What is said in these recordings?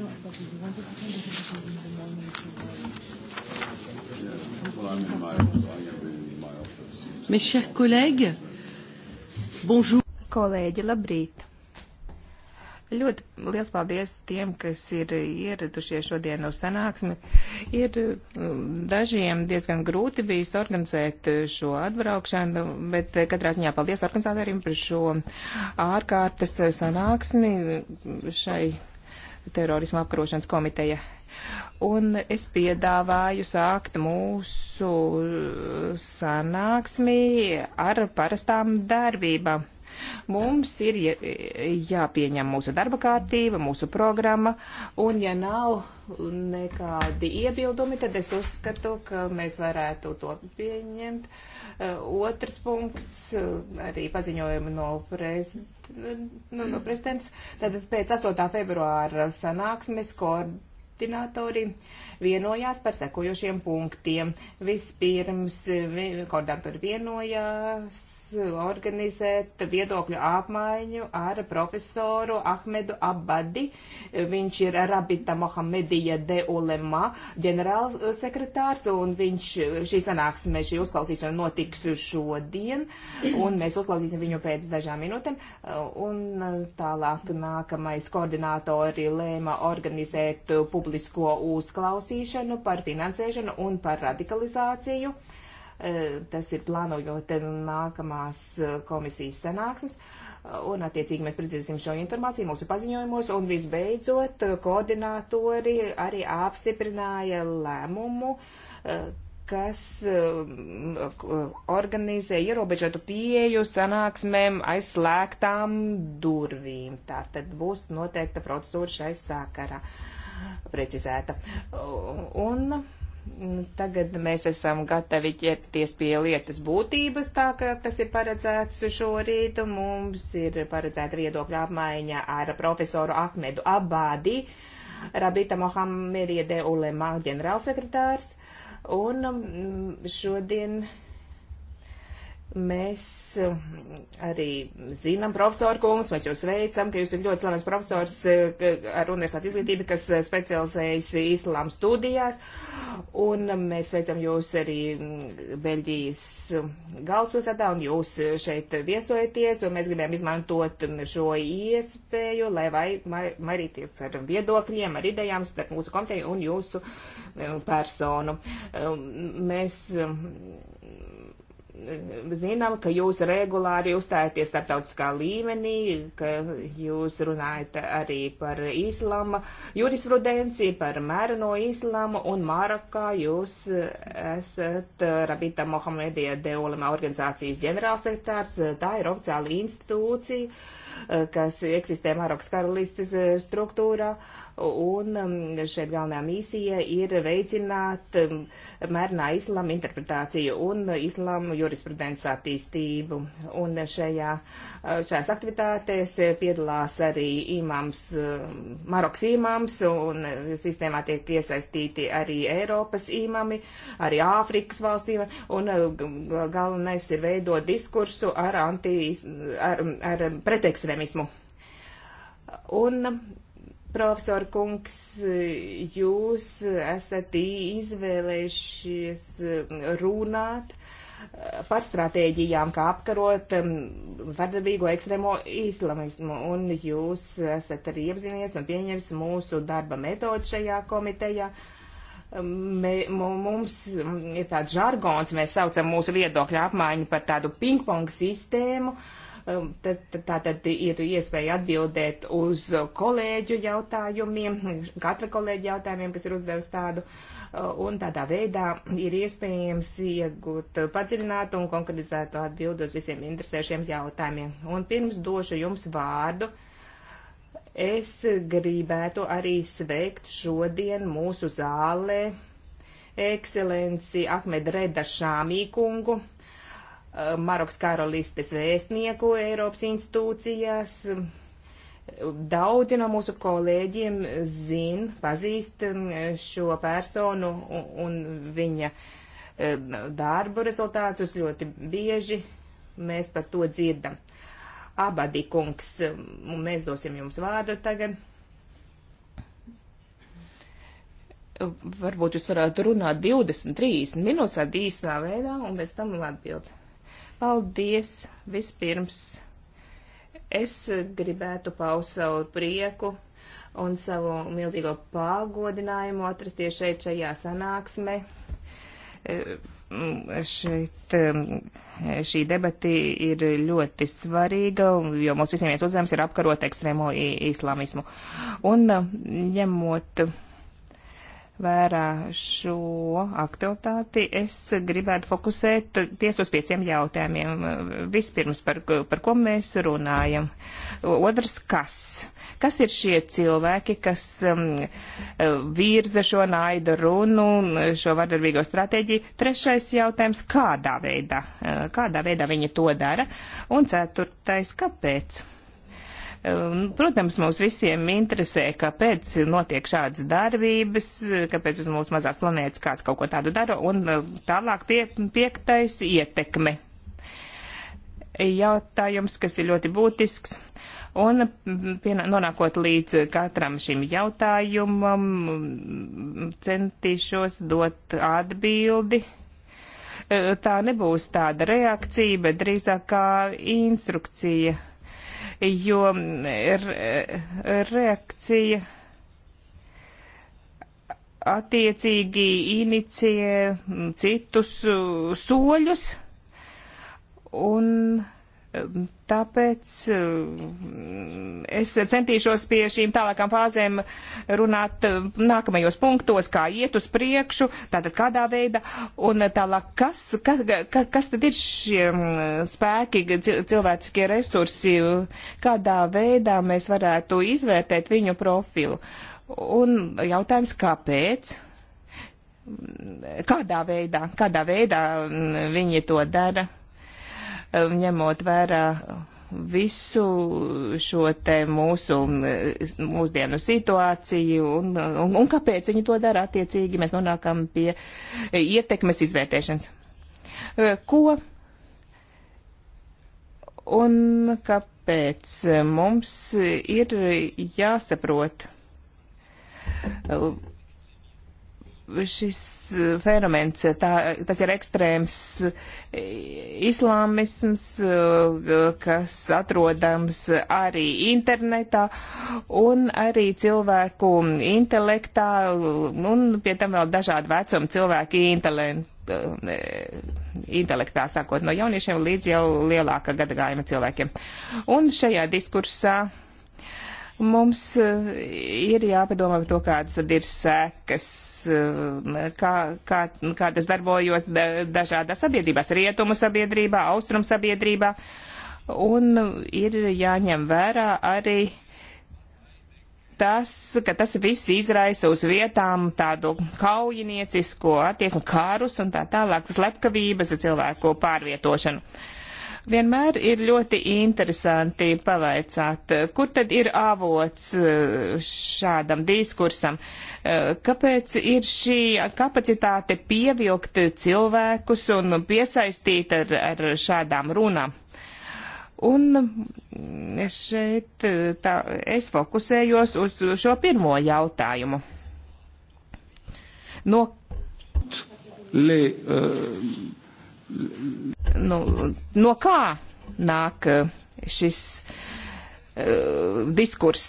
No, but if you wanted to send it in the morning, Well, I'm in my, I am in my office. Mes chers collègues, bonjour. Kolēģi, labrīt! Ļoti liels paldies tiem, kas ir ieradušies šodien uz sanāksmi. Ir mm, dažiem diezgan grūti bijis organizēt šo atbraukšanu, bet eh, katrā ziņā paldies organizatoriem par šo ārkārtas sanāksmi šai terorismu apkarošanas komiteja. Un es piedāvāju sākt mūsu sanāksmī ar parastām darbībām. Mums ir jāpieņem mūsu darba kārtība, mūsu programma, un ja nav nekādi iebildumi, tad es uzskatu, ka mēs varētu to pieņemt. Uh, otrs punkts, uh, arī paziņojumi no, prez, no, nu, no prezidents, tad pēc 8. februāra sanāksmes koordinatori. Uh, vienojās par sekojošiem punktiem. Vispirms koordinatori vienojās organizēt viedokļu apmaiņu ar profesoru Ahmedu Abadi. Viņš ir Rabita Mohamedija de Ulema ģenerālsekretārs, un viņš šī sanāksme, šī uzklausīšana notiks šodien, un mēs uzklausīsim viņu pēc dažām minūtēm. Un tālāk nākamais koordinatori lēma organizēt publisko uzklausīšanu uzklausīšanu, par finansēšanu un par radikalizāciju. E, tas ir plānojot nākamās e, komisijas sanāksmes. E, un, attiecīgi, mēs precizēsim šo informāciju mūsu paziņojumos. Un, visbeidzot, koordinātori arī apstiprināja lēmumu, kas organizē ierobežotu pieju sanāksmēm aizslēgtām durvīm. Tā tad būs noteikta procedūra šai sākarā. Uh, precizēta. Un tagad mēs esam gatavi ķerties pie lietas būtības, tā kā tas ir paredzēts šorīt. Mums ir paredzēta viedokļa apmaiņa ar profesoru Ahmedu Abādi, Rabita Mohamedie de Ulema ģenerālsekretārs. Un mm, šodien Mēs eh, arī zinām, profesor kungs, mēs jūs veicam, ka jūs esat ļoti slavens profesors eh, ar universitāti izglītību, kas eh, specializējas islām studijās. Un mēs veicam jūs arī mm, Beļģijas mm, galvaspilsētā, un jūs šeit viesojaties, un mēs gribējām izmantot mm, šo iespēju, lai vai, marīties ar viedokļiem, ar idejām starp mūsu komiteju un jūsu personu. Ehm, mēs zinām, ka jūs regulāri uzstājaties starptautiskā līmenī, ka jūs runājat arī par islama jurisprudenci, par mēru no islama, un Marokā jūs esat Rabita Mohamedija Deulema organizācijas ģenerālsektārs. Tā ir oficiāla institūcija, kas eksistē Marokas karalistes struktūrā. Uh, Un um, šeit galvenā misija ir veicināt um, mērnā islāma interpretāciju un islāma jurisprudences attīstību. Un šajā, uh, šajās aktivitātēs piedalās arī imams, um, Maroks imams, un sistēmā tiek iesaistīti arī Eiropas imami, arī Āfrikas valstīm, un uh, galvenais ir veidot diskursu ar, anti, ar, ar pretekstremismu. Un Profesor kungs, jūs esat izvēlējušies um, runāt uh, par stratēģijām, kā apkarot um, vardarbīgo ekstremo islamismu, un jūs esat arī iepazinies un pieņems mūsu darba metodu šajā komitejā. Um, me, mums ir tāds žargons, mēs saucam mūsu viedokļu apmaiņu par tādu pingpong sistēmu. Uh, Um, tad, tā tad ir iespēja atbildēt uz kolēģu jautājumiem, katra kolēģa jautājumiem, kas ir uzdevusi tādu, uh, un tādā veidā ir iespējams iegūt padziļinātu un konkretizētu atbildi uz visiem interesēšiem jautājumiem. Un pirms došu jums vārdu, es gribētu arī sveikt šodien mūsu zālē ekscelenci Ahmed Reda Šāmīkungu. kungu Marokas karalistes vēstnieku Eiropas institūcijās. Daudzi no mūsu kolēģiem zin, pazīst um, šo personu un viņa um, darbu rezultātus ļoti bieži mēs par to dzirdam. Abadi kungs, um, mēs dosim jums vārdu tagad. Varbūt jūs varētu runāt 20, 30 minūtes tādā īsā veidā un pēc tam atbildēt. Paldies vispirms. Es gribētu pausaut prieku un savu milzīgo pagodinājumu atrasties šeit šajā sanāksmē. E, šeit e, šī debati ir ļoti svarīga, jo mūsu visiem viens uzdevums ir apkarot ekstrēmo islamismu. Un e, ņemot. Ja vērā šo aktualitāti, es gribētu fokusēt ties uz pieciem jautājumiem. Vispirms, par, par ko mēs runājam. Otrs, kas? Kas ir šie cilvēki, kas um, virza šo naida runu, šo vardarbīgo stratēģiju? Trešais jautājums, kādā veidā? Kādā veidā viņi to dara? Un ceturtais, kāpēc? Ehm, nu, protams, mums visiem interesē, kāpēc notiek šādas darbības, kāpēc uz mūsu mazās planētas kāds kaut ko tādu dara, un eh, tālāk pie, piektais ietekme. Jautājums, kas ir ļoti būtisks. Un pienā, nonākot līdz katram šim jautājumam, centīšos dot atbildi ehm, tā nebūs tāda reakcija, bet drīzāk kā instrukcija jo mm, reakcija attiecīgi inicijē mm, citus mm, soļus un Tāpēc eh, es centīšos pie šīm tālākām fāzēm runāt eh, nākamajos punktos, kā iet uz priekšu, tātad kādā veidā, un tālāk, kas, kas, kas tad ir šie mm, spēki, cilvēciskie resursi, kādā veidā mēs varētu izvērtēt viņu profilu. Un jautājums, kāpēc? Kādā veidā, kādā veidā mm, viņi to dara? ņemot vērā visu šo te mūsu mūsdienu situāciju un, un, un kāpēc viņi to dara attiecīgi, mēs nonākam pie ietekmes izvērtēšanas. Ko un kāpēc mums ir jāsaprot šis eh, fenomens, eh, tā, tas ir ekstrēms eh, islāmisms, kas atrodams arī internetā un arī cilvēku intelektā un pie tam vēl dažādu vecumu cilvēku intelektu intelektā, sākot no jauniešiem līdz jau lielāka gadagājuma cilvēkiem. Un šajā diskursā uh, Mums eh, ir jāpadomā par to, kādas ir sekas, eh, kā, kā, kā tas darbojos dažādās sabiedrībās, rietumu sabiedrībā, austrumu sabiedrībā, un ir jāņem vērā arī tas, ka tas viss izraisa uz vietām tādu kaujiniecisko attieksmi, kārus un tā tālāk, slepkavības cilvēku pārvietošanu. Vienmēr ir ļoti interesanti pavaicāt, kur tad ir avots eh, šādam diskursam, eh, kāpēc ir šī kapacitāte pievilkt cilvēkus un piesaistīt ar, ar šādām runām. Un šeit eh, tā, es fokusējos uz šo pirmo jautājumu. No Le, uh Nu, no kā nāk eh, šis uh, diskurs?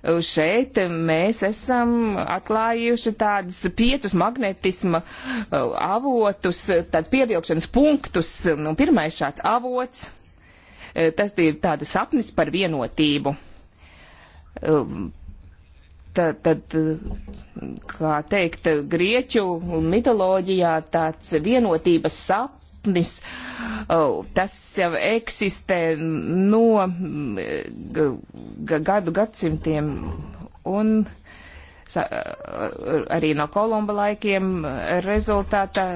Eh, šeit mēs esam atklājuši tādus piecus magnetisma avotus, tādus pievilkšanas punktus. Nu, pirmais šāds avots, tas bija tāda sapnis par vienotību. Tad, tad, kā teikt, grieķu mitoloģijā tāds vienotības sapnis sapnis. Oh, tas jau eksistē no mm, gadu gadsimtiem un arī no Kolumba laikiem rezultātā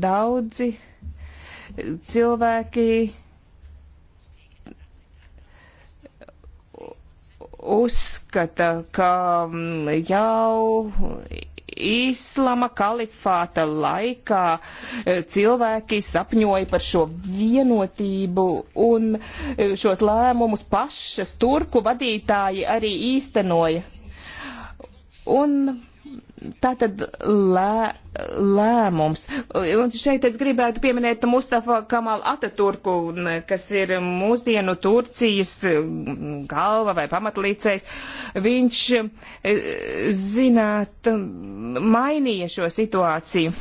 daudzi cilvēki uzskata, ka mm, jau Īslama kalifāta laikā e, cilvēki sapņoja par šo vienotību un e, šos lēmumus pašas turku vadītāji arī īstenoja. Un Tātad lē, lēmums. Un šeit es gribētu pieminēt Mustafa Kamalu Ataturku, kas ir mūsdienu Turcijas galva vai pamatlīdzējs. Viņš e, zināt, mainīja šo situāciju.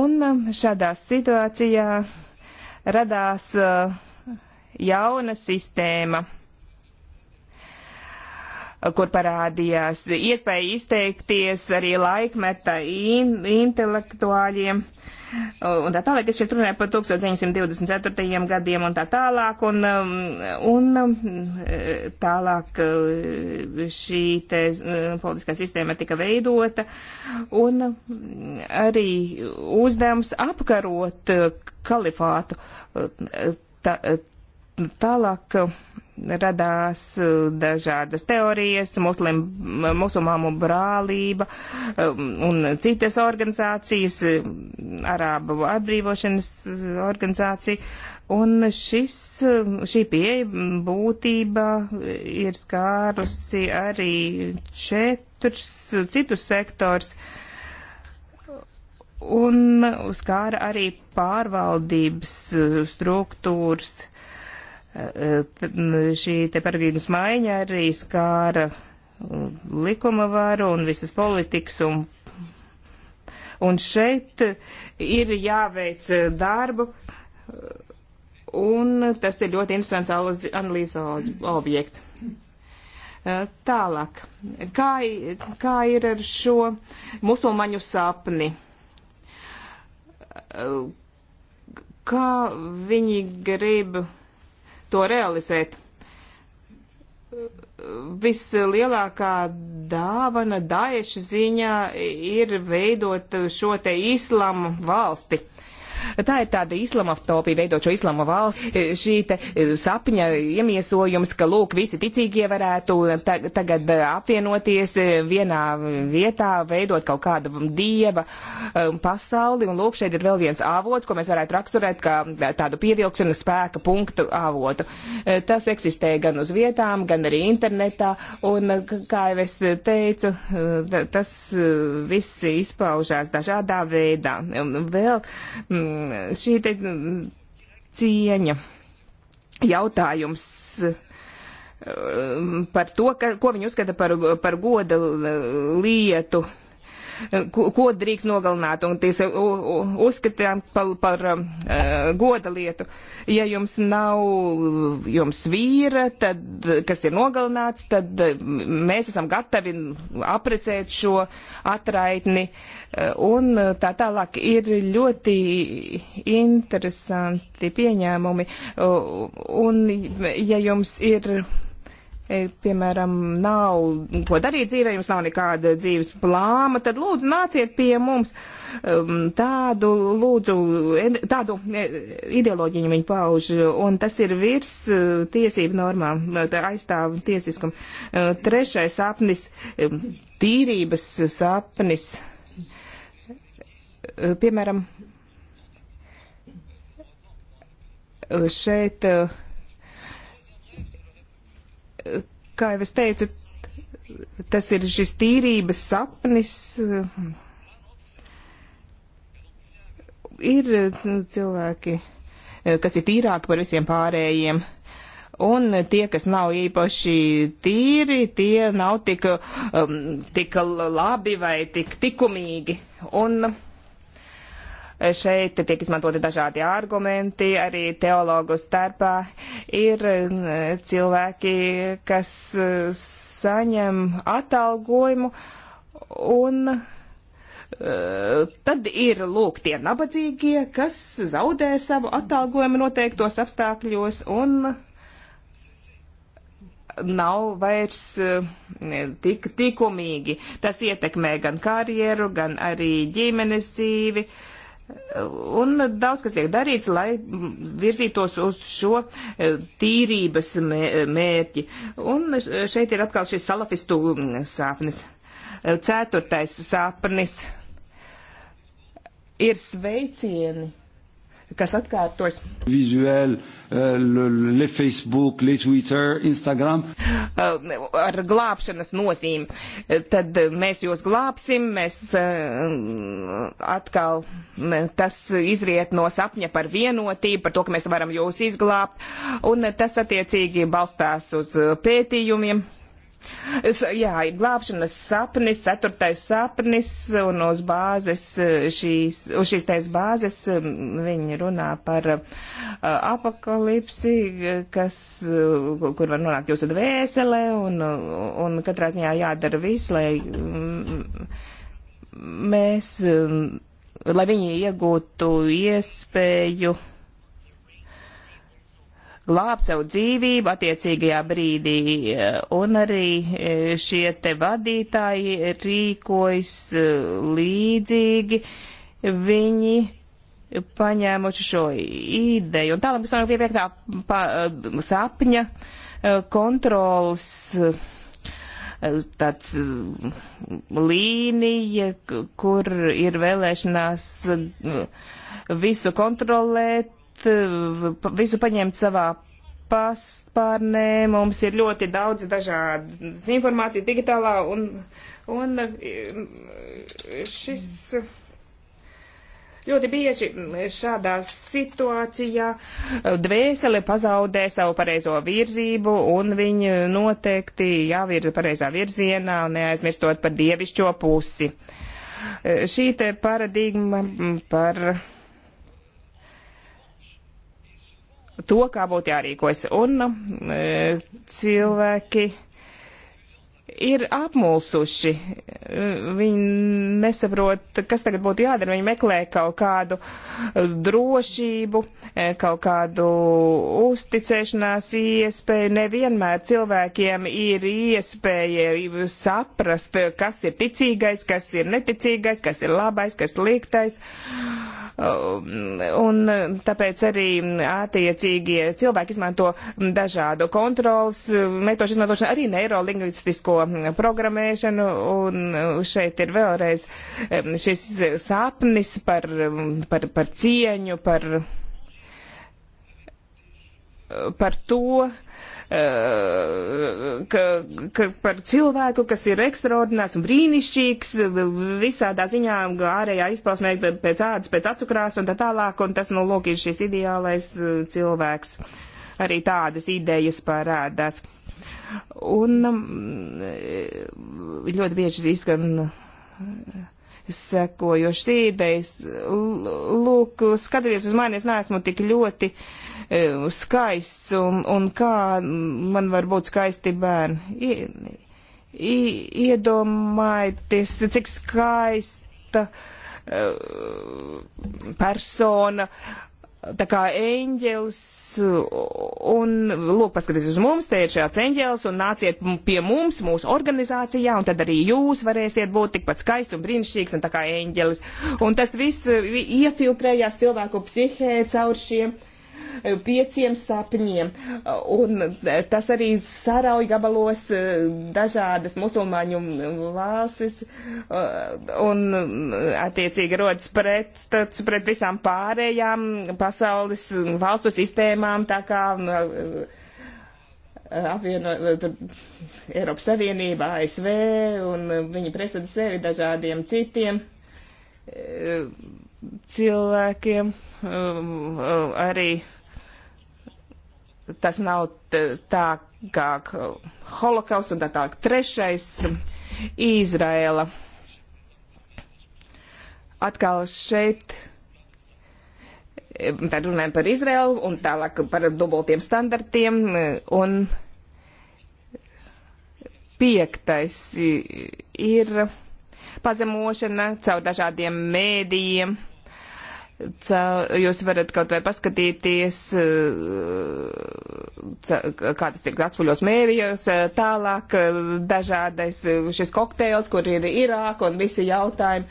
Un šādā situācijā radās e, jauna sistēma kur parādījās iespēja izteikties arī laikmeta in, intelektuāļiem. Un tā tālāk, es šeit runāju par 1924. gadiem un tā tālāk, un, um, un um, tālāk uh, šī te uh, politiskā sistēma tika veidota, un um, arī uzdevums apkarot uh, kalifātu. Tā, Tālāk uh, radās uh, dažādas teorijas, muslim, musulmāmu brālība um, un citas organizācijas, uh, arābu atbrīvošanas organizācija. Un šis, šī pieeja mm, būtībā ir skārusi arī četrus citus sektors un skāra arī pārvaldības struktūras Eh, šī te paradigmas maiņa arī skāra mm, likuma varu un visas politikas un, un šeit ir jāveic eh, darbu un tas ir ļoti interesants analīzes objekts. Eh, tālāk, kā, kā ir ar šo musulmaņu sapni? Kā viņi grib uh, to realizēt. Vislielākā dāvana Daeša ziņā ir veidot šo te islamu valsti. Tā ir tāda islamofobija, veidot šo islama valsts, e, šī te e, sapņa iemiesojums, ka lūk, visi ticīgie varētu ta tagad e, apvienoties vienā vietā, veidot kaut kādu dieva pasauli, un lūk, šeit ir vēl viens avots, ko mēs varētu raksturēt kā tādu pievilkšanas spēka punktu avotu. Tas eksistē gan uz vietām, gan arī internetā, un kā jau es teicu, tas viss izpaužās dažādā veidā. Vēl šī te cieņa jautājums eh, par to, ka, ko viņi uzskata par, par goda lietu ko, ko drīkst nogalināt, un tīs uzskatām par, par uh, goda lietu. Ja jums nav jums vīra, tad, kas ir nogalināts, tad mēs esam gatavi aprecēt šo atraitni, eh, un tā tālāk ir ļoti interesanti pieņēmumi, un ja jums ir E, piemēram, nav ko darīt dzīvē, jums nav nekāda dzīves plāma, tad lūdzu nāciet pie mums. Um, tādu, lūdzu, tādu e, ideoloģiju viņi pauž, un tas ir virs e, tiesību normām, aizstāv tiesiskumu. Trešais sapnis, tīrības sapnis, piemēram, šeit. Uh, kā jau es teicu, tas ir šis tīrības sapnis. Ir cilvēki, kas ir tīrāki par visiem pārējiem. Un tie, kas nav īpaši tīri, tie nav tik, um, tik labi vai tik likumīgi. Un uh, Šeit tiek izmantoti dažādi argumenti, arī teologu starpā ir mm, cilvēki, kas mm, saņem atalgojumu un mm, tad ir lūk tie nabadzīgie, kas zaudē savu atalgojumu noteiktos apstākļos un nav vairs tik tikumīgi. Tas ietekmē gan karjeru, gan arī ģimenes dzīvi. Uh, Un daudz kas tiek darīts, lai virzītos uz šo e, tīrības mērķi. Un šeit ir atkal šis salafistu sāpnis. E, ceturtais sāpnis ir sveicieni kas atkārtos. Vizuāli, eh, le Facebook, le Twitter, Instagram. Eh, ar glābšanas nozīmi. Eh, tad mēs jūs glābsim, mēs atkal tas izriet no sapņa par vienotību, par to, ka mēs varam jūs izglābt. Un tas attiecīgi balstās uz pētījumiem. Es, jā, ir glābšanas sapnis, ceturtais sapnis, un uz bāzes eh, šīs, uz šīs tais bāzes eh, viņi runā par uh, apakalipsi, kas, kur var nonākt jūsu dvēselē, un, un katrā ziņā jādara viss, lai mm, mēs, mm, lai viņi iegūtu iespēju glābt savu dzīvību attiecīgajā brīdī, un arī e, šie te vadītāji rīkojas e, līdzīgi, viņi paņēmuši šo ideju. Un tālāk mēs varam pie piektā pa, e, sapņa kontrols tāds līnija, kur ir vēlēšanās visu kontrolēt, visu paņemt savā paspārnē. Mums ir ļoti daudz dažādas informācijas digitālā un, un e, šis. Ļoti bieži šādā situācijā dvēsele pazaudē savu pareizo virzību un viņi noteikti jāvirza pareizā virzienā un neaizmirstot par dievišķo pusi. E, šī te paradigma par to, kā būtu jārīkojas. Un e, cilvēki ir apmulsuši. E, viņi nesaprot, kas tagad būtu jādara. Viņi meklē kaut kādu drošību, e, kaut kādu uzticēšanās iespēju. Nevienmēr cilvēkiem ir iespēja saprast, kas ir ticīgais, kas ir neticīgais, kas ir labais, kas ir liktais. Uh, Un tāpēc arī attiecīgie cilvēki izmanto dažādu kontrols, metožu izmantošanu, arī neirolingvistisko programmēšanu. Un šeit ir vēlreiz um, šis sapnis par, um, par, par cieņu, par, par to, Eh, ka, ka par cilvēku, kas ir ekstraordinārs un brīnišķīgs, visādā ziņā ārējā izpausmē pēc ādas, pēc acukrās un tā tālāk, un tas, nu, lūk, ir šis ideālais eh, cilvēks. Arī tādas idejas parādās. Un mm, eh, ļoti bieži izskan sekojošas idejas. Lūk, skatieties uz mani, es neesmu tik ļoti e, skaists, un, un kā man var būt skaisti bērni. I, iedomājieties, cik skaista e, persona tā kā eņģelis, un lūk, paskatieties uz mums, te ir šāds eņģelis, un nāciet pie mums, mūsu organizācijā, un tad arī jūs varēsiet būt tikpat skaists un brīnišķīgs, un tā kā eņģelis. Un tas viss iefiltrējās cilvēku psihē caur šiem pieciem sapņiem. Un tas arī sarauj gabalos eh, dažādas musulmaņu valstis eh, un eh, attiecīgi rodas pretstats pret visām pārējām pasaules valstu sistēmām, tā kā apvieno, tur, Eiropas Savienība, ASV, un viņi presada sevi dažādiem citiem cilvēkiem um, um, arī tas nav tā kā holokausts un tā tālāk. Trešais - Izraela. Atkal šeit. Um, tad runājam par Izraelu un tālāk par dubultiem standartiem. Uh, un piektais ir pazemošana caur dažādiem mēdījiem jūs varat kaut vai paskatīties, eh, kā tas tiek atspoļos mēvijos, eh, tālāk eh, dažādais šis kokteils, kur ir Irāka un visi jautājumi.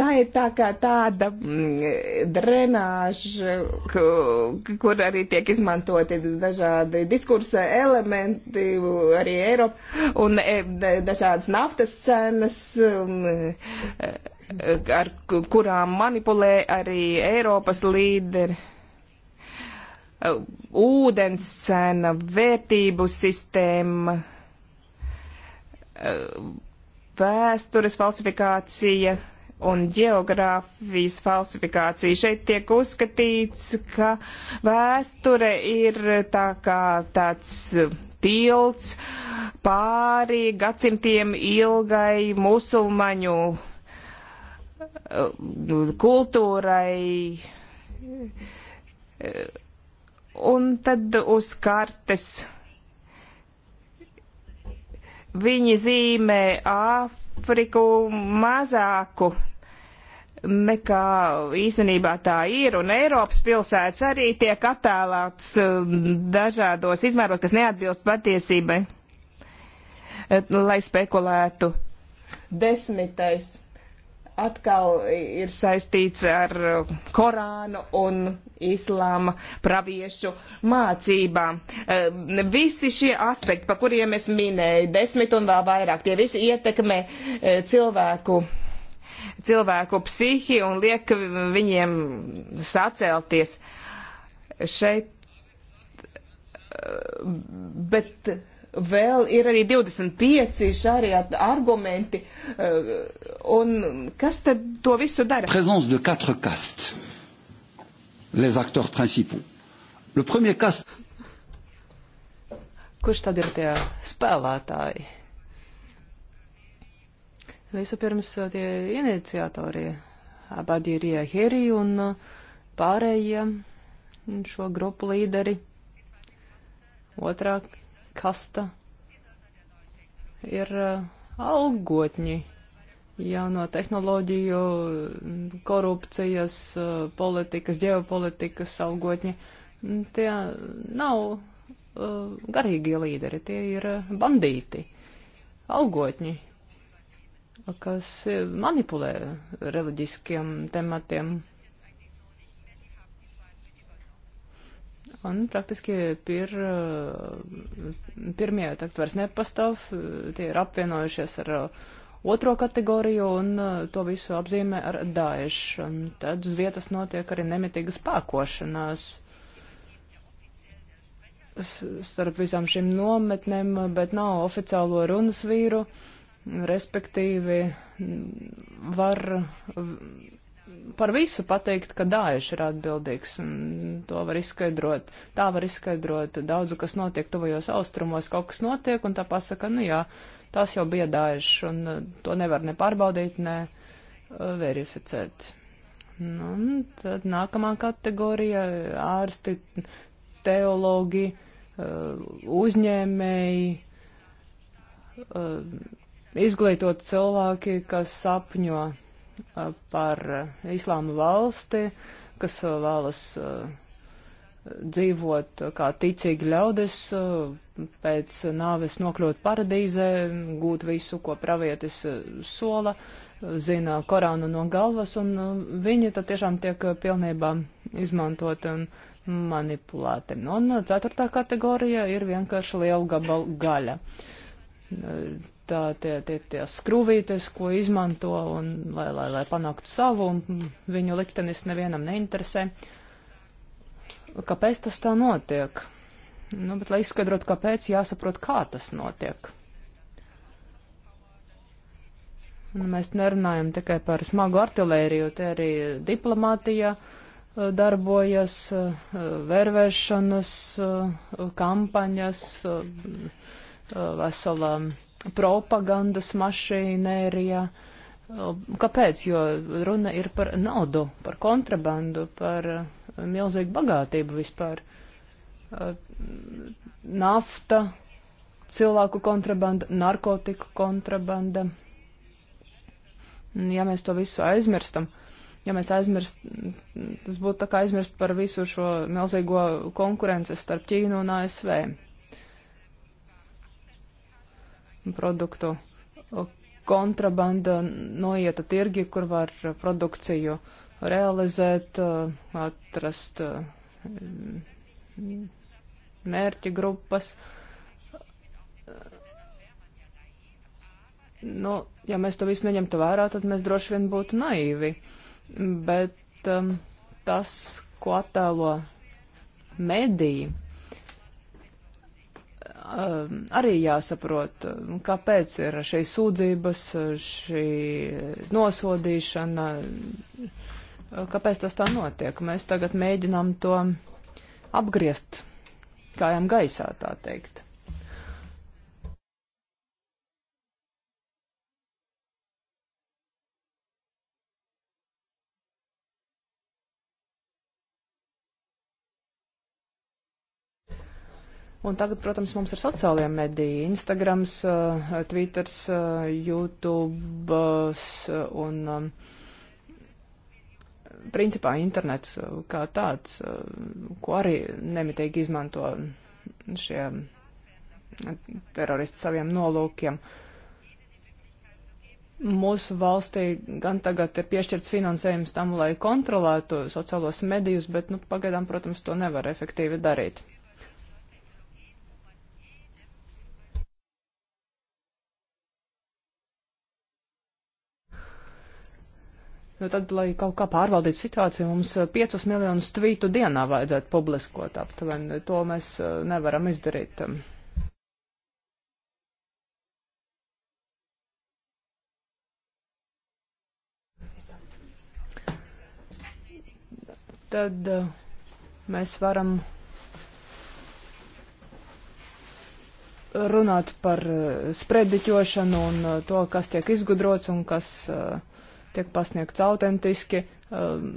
Tā ir tā kā tāda mm, drenāža, kur arī tiek izmantoti dažādi diskursa elementi, arī Eiropa, un e, dažādas naftas cenas, mm, e, ar kurām manipulē arī Eiropas līderi e, ūdens cena, vērtību sistēma, vēstures falsifikācija, un geogrāfijas falsifikācija. Šeit tiek uzskatīts, ka vēsture ir tā kā tāds tilts pāri gadsimtiem ilgai musulmaņu eh, kultūrai. Eh, un tad uz kartes viņi zīmē Āfriku mazāku nekā īstenībā tā ir, un Eiropas pilsētas arī tiek attēlāts um, dažādos izmēros, kas neatbilst patiesībai, lai spekulētu. Desmitais atkal ir saistīts ar Korānu un islāma praviešu mācībām. Um, visi šie aspekti, pa kuriem es minēju, desmit un vēl vairāk, tie visi ietekmē uh, cilvēku cilvēku psihi un liek viņiem sacelties. Šeit, bet vēl ir arī 25 šādi argumenti, un kas tad to visu dara? Présence de quatre castes, les acteurs principaux. Le premier caste. Kurš tad ir tie spēlētāji? Vispirms eh, tie iniciatori Abadīrija Heri un eh, pārējie mm, šo grupu līderi. Otrā kasta ir eh, algotņi jauno tehnoloģiju, mm, korupcijas, politikas, ģeopolitikas algotņi. Mm, tie nav uh, garīgie līderi, tie ir bandīti, algotņi, kas manipulē reliģiskiem tematiem. Un praktiski pir, pirmie tagad vairs nepastāv, tie ir apvienojušies ar otro kategoriju un to visu apzīmē ar daešu. Un tad uz vietas notiek arī nemitīga spēkošanās starp visām šīm nometnēm, bet nav oficiālo runas vīru. Uh, respektīvi var par visu pateikt, ka Dāiši ir atbildīgs, un to var izskaidrot, tā var izskaidrot daudzu, kas notiek tuvajos austrumos, kaut kas notiek, un tā pasaka, nu jā, tas jau bija Dāiši, un uh, to nevar ne pārbaudīt, ne uh, verificēt. Nu, un tad nākamā kategorija - ārsti, teologi, uh, uzņēmēji izglītot cilvēki, kas sapņo uh, par uh, islāma valsti, kas uh, vēlas dzīvot kā ticīgi ļaudis, pēc nāves nokļūt paradīzē, gūt visu, ko pravietis sola, zina Korānu no galvas, un viņi tad tiešām tiek pilnībā izmantoti un manipulēti. Un ceturtā kategorija ir vienkārši liela gabala gaļa tā, tie, tie, tie skrūvītes, ko izmanto, un, lai, lai, lai panāktu savu, un viņu liktenis nevienam neinteresē. Kāpēc tas tā notiek? Nu, bet, lai izskaidrotu, kāpēc, jāsaprot, kā tas notiek. Un nu, mēs nerunājam tikai par smagu artilēriju, te arī diplomātija eh, darbojas, eh, vērvēšanas eh, kampaņas, veselām propagandas mašīnērija. Um, kāpēc? Jo runa ir par naudu, par kontrabandu, par uh, milzīgu bagātību vispār. Uh, nafta, cilvēku kontrabanda, narkotiku kontrabanda. Ja mēs to visu aizmirstam, ja mēs aizmirstam, tas būtu tā kā aizmirst par visu šo milzīgo konkurences starp Ķīnu un ASV produktu kontrabanda noieta tirgi, kur var produkciju realizēt, atrast mērķi grupas. Nu, ja mēs to visu neņemtu vērā, tad mēs droši vien būtu naivi. Bet um, tas, ko attēlo mediji, Um, arī jāsaprot, um, kāpēc ir šīs sūdzības, šī nosodīšana, um, kāpēc tas tā notiek. Mēs tagad mēģinām to apgriezt kājām gaisā, tā teikt. Un tagad, protams, mums ir sociālie mediji - Instagrams, uh, Twitters, uh, eh, YouTube uh, eh, un um, principā internets uh, kā tāds, uh, ko arī nemitīgi izmanto šie teroristi saviem nolūkiem. Mūsu valstī gan tagad ir piešķirts finansējums tam, lai kontrolētu sociālos medijus, bet nu, pagaidām, protams, to nevar efektīvi darīt. Jo nu, tad, lai kaut kā pārvaldītu situāciju, mums 5 eh, miljonus tvītu dienā vajadzētu publiskot aptuveni. To mēs eh, nevaram izdarīt. Um. Tad eh, mēs varam runāt par sprediķošanu un to, kas tiek izgudrots un kas uh, tiek pasniegts autentiski, um,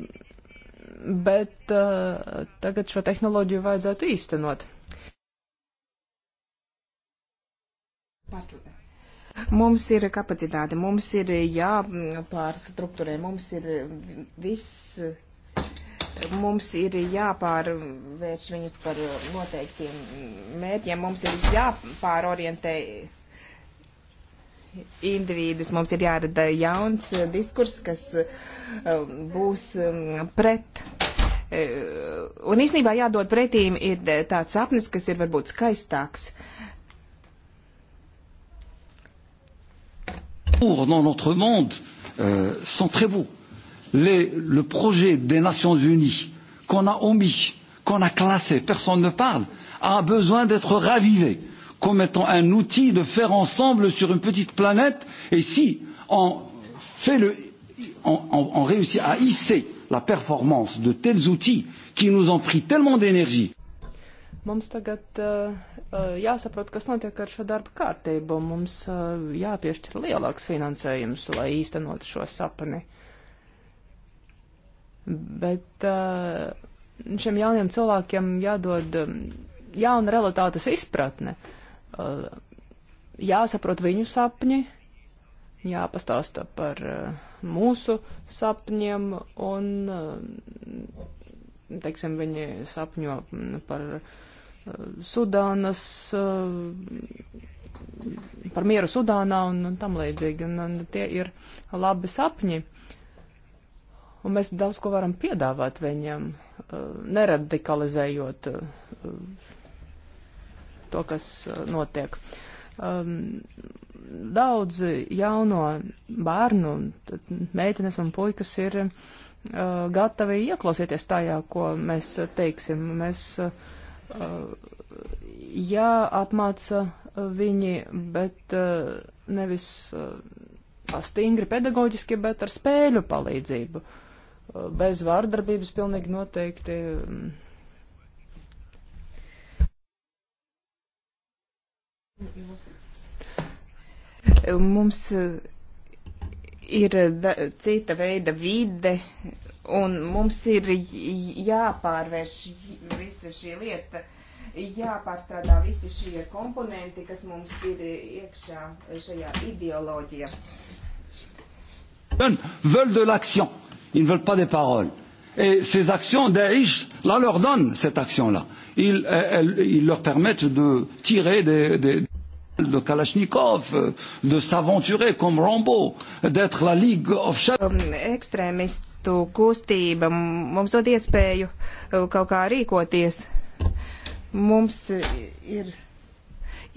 bet uh, tagad šo tehnoloģiju vajadzētu īstenot. Paslidē. Mums ir kapacitāte, mums ir jāpārstruktūrē, mums ir viss, mums ir jāpārvērš viņus par noteiktiem mērķiem, mums ir jāpārorientē indivīdus. Mums ir jārada jauns eh, diskurs, kas eh, būs mm, pret. Eh, un īsnībā jādod pretīm ir tāds sapnis, kas ir varbūt skaistāks. Dans notre monde euh, sont très beaux. Les, le projet des Nations Unies qu'on a omis, qu'on a classé, personne ne parle, a besoin d'être ravivé. Euh, comme étant un outil de faire ensemble sur une petite planète. Et si on, fait le, on, on, on réussit à hisser la performance de tels outils qui nous ont pris tellement d'énergie. Mums tagad uh, jāsaprot, kas notiek ar šo darbu kārtību. Mums uh, jāpiešķir lielāks finansējums, lai īstenot šo sapni. Bet uh, šiem jauniem cilvēkiem jādod um, jauna realitātes izpratne. Uh, Eh, jāsaprot viņu sapņi, jāpastāsta par eh, mūsu sapņiem un, eh, teiksim, viņi sapņo par Sudānas, par mieru Sudānā un tam līdzīgi. Un, un tie ir labi sapņi. Un mēs daudz ko varam piedāvāt viņiem, neradikalizējot to, kas uh, notiek. Um, daudz jauno bērnu, meitenes un puikas ir uh, gatavi ieklausīties tajā, ko mēs teiksim. Mēs uh, jāapmāca viņi, bet uh, nevis uh, stingri pedagoģiski, bet ar spēļu palīdzību. Uh, bez vārdarbības pilnīgi noteikti. Um, Mums eh, ir eh, da, cita veida vide, un mums ir jāpārvērš visa šī lieta, jāpārstrādā visi šie komponenti, kas mums ir iekšā šajā ideoloģijā. Veulent de l'action, ils ne veulent pas des paroles. Et ces actions, Daesh, là, leur donne cette action-là. Ils, elles, ils leur permettent de tirer des, des de Kalachnikov, euh, de s'aventurer comme Rambo, d'être la League of Shadows. Um, ekstrēmistu kustība mums dod iespēju uh, kaut kā rīkoties. Mums ir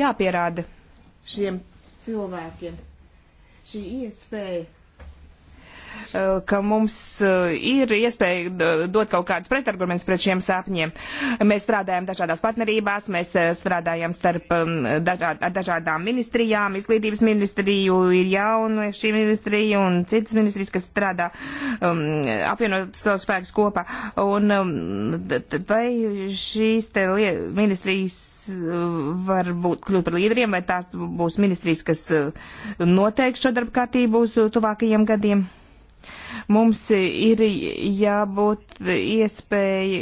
jāpierāda šiem cilvēkiem šī iespēja Eh, ka mums eh, ir iespēja dot kaut kādus pretargumentus pret šiem sapņiem. Mēs strādājam dažādās partnerībās, mēs eh, strādājam starp mm, dažād, dažādām ministrijām, izglītības ministriju, ir jauna šī ministrija un citas ministrijas, kas strādā um, apvienot savus spēkus kopā. Un um, vai šīs te ministrijas var būt kļūt par līderiem, vai tās būs ministrijas, kas noteikti šo darbu kārtību uz tuvākajiem gadiem? Mums ir jābūt iespēja,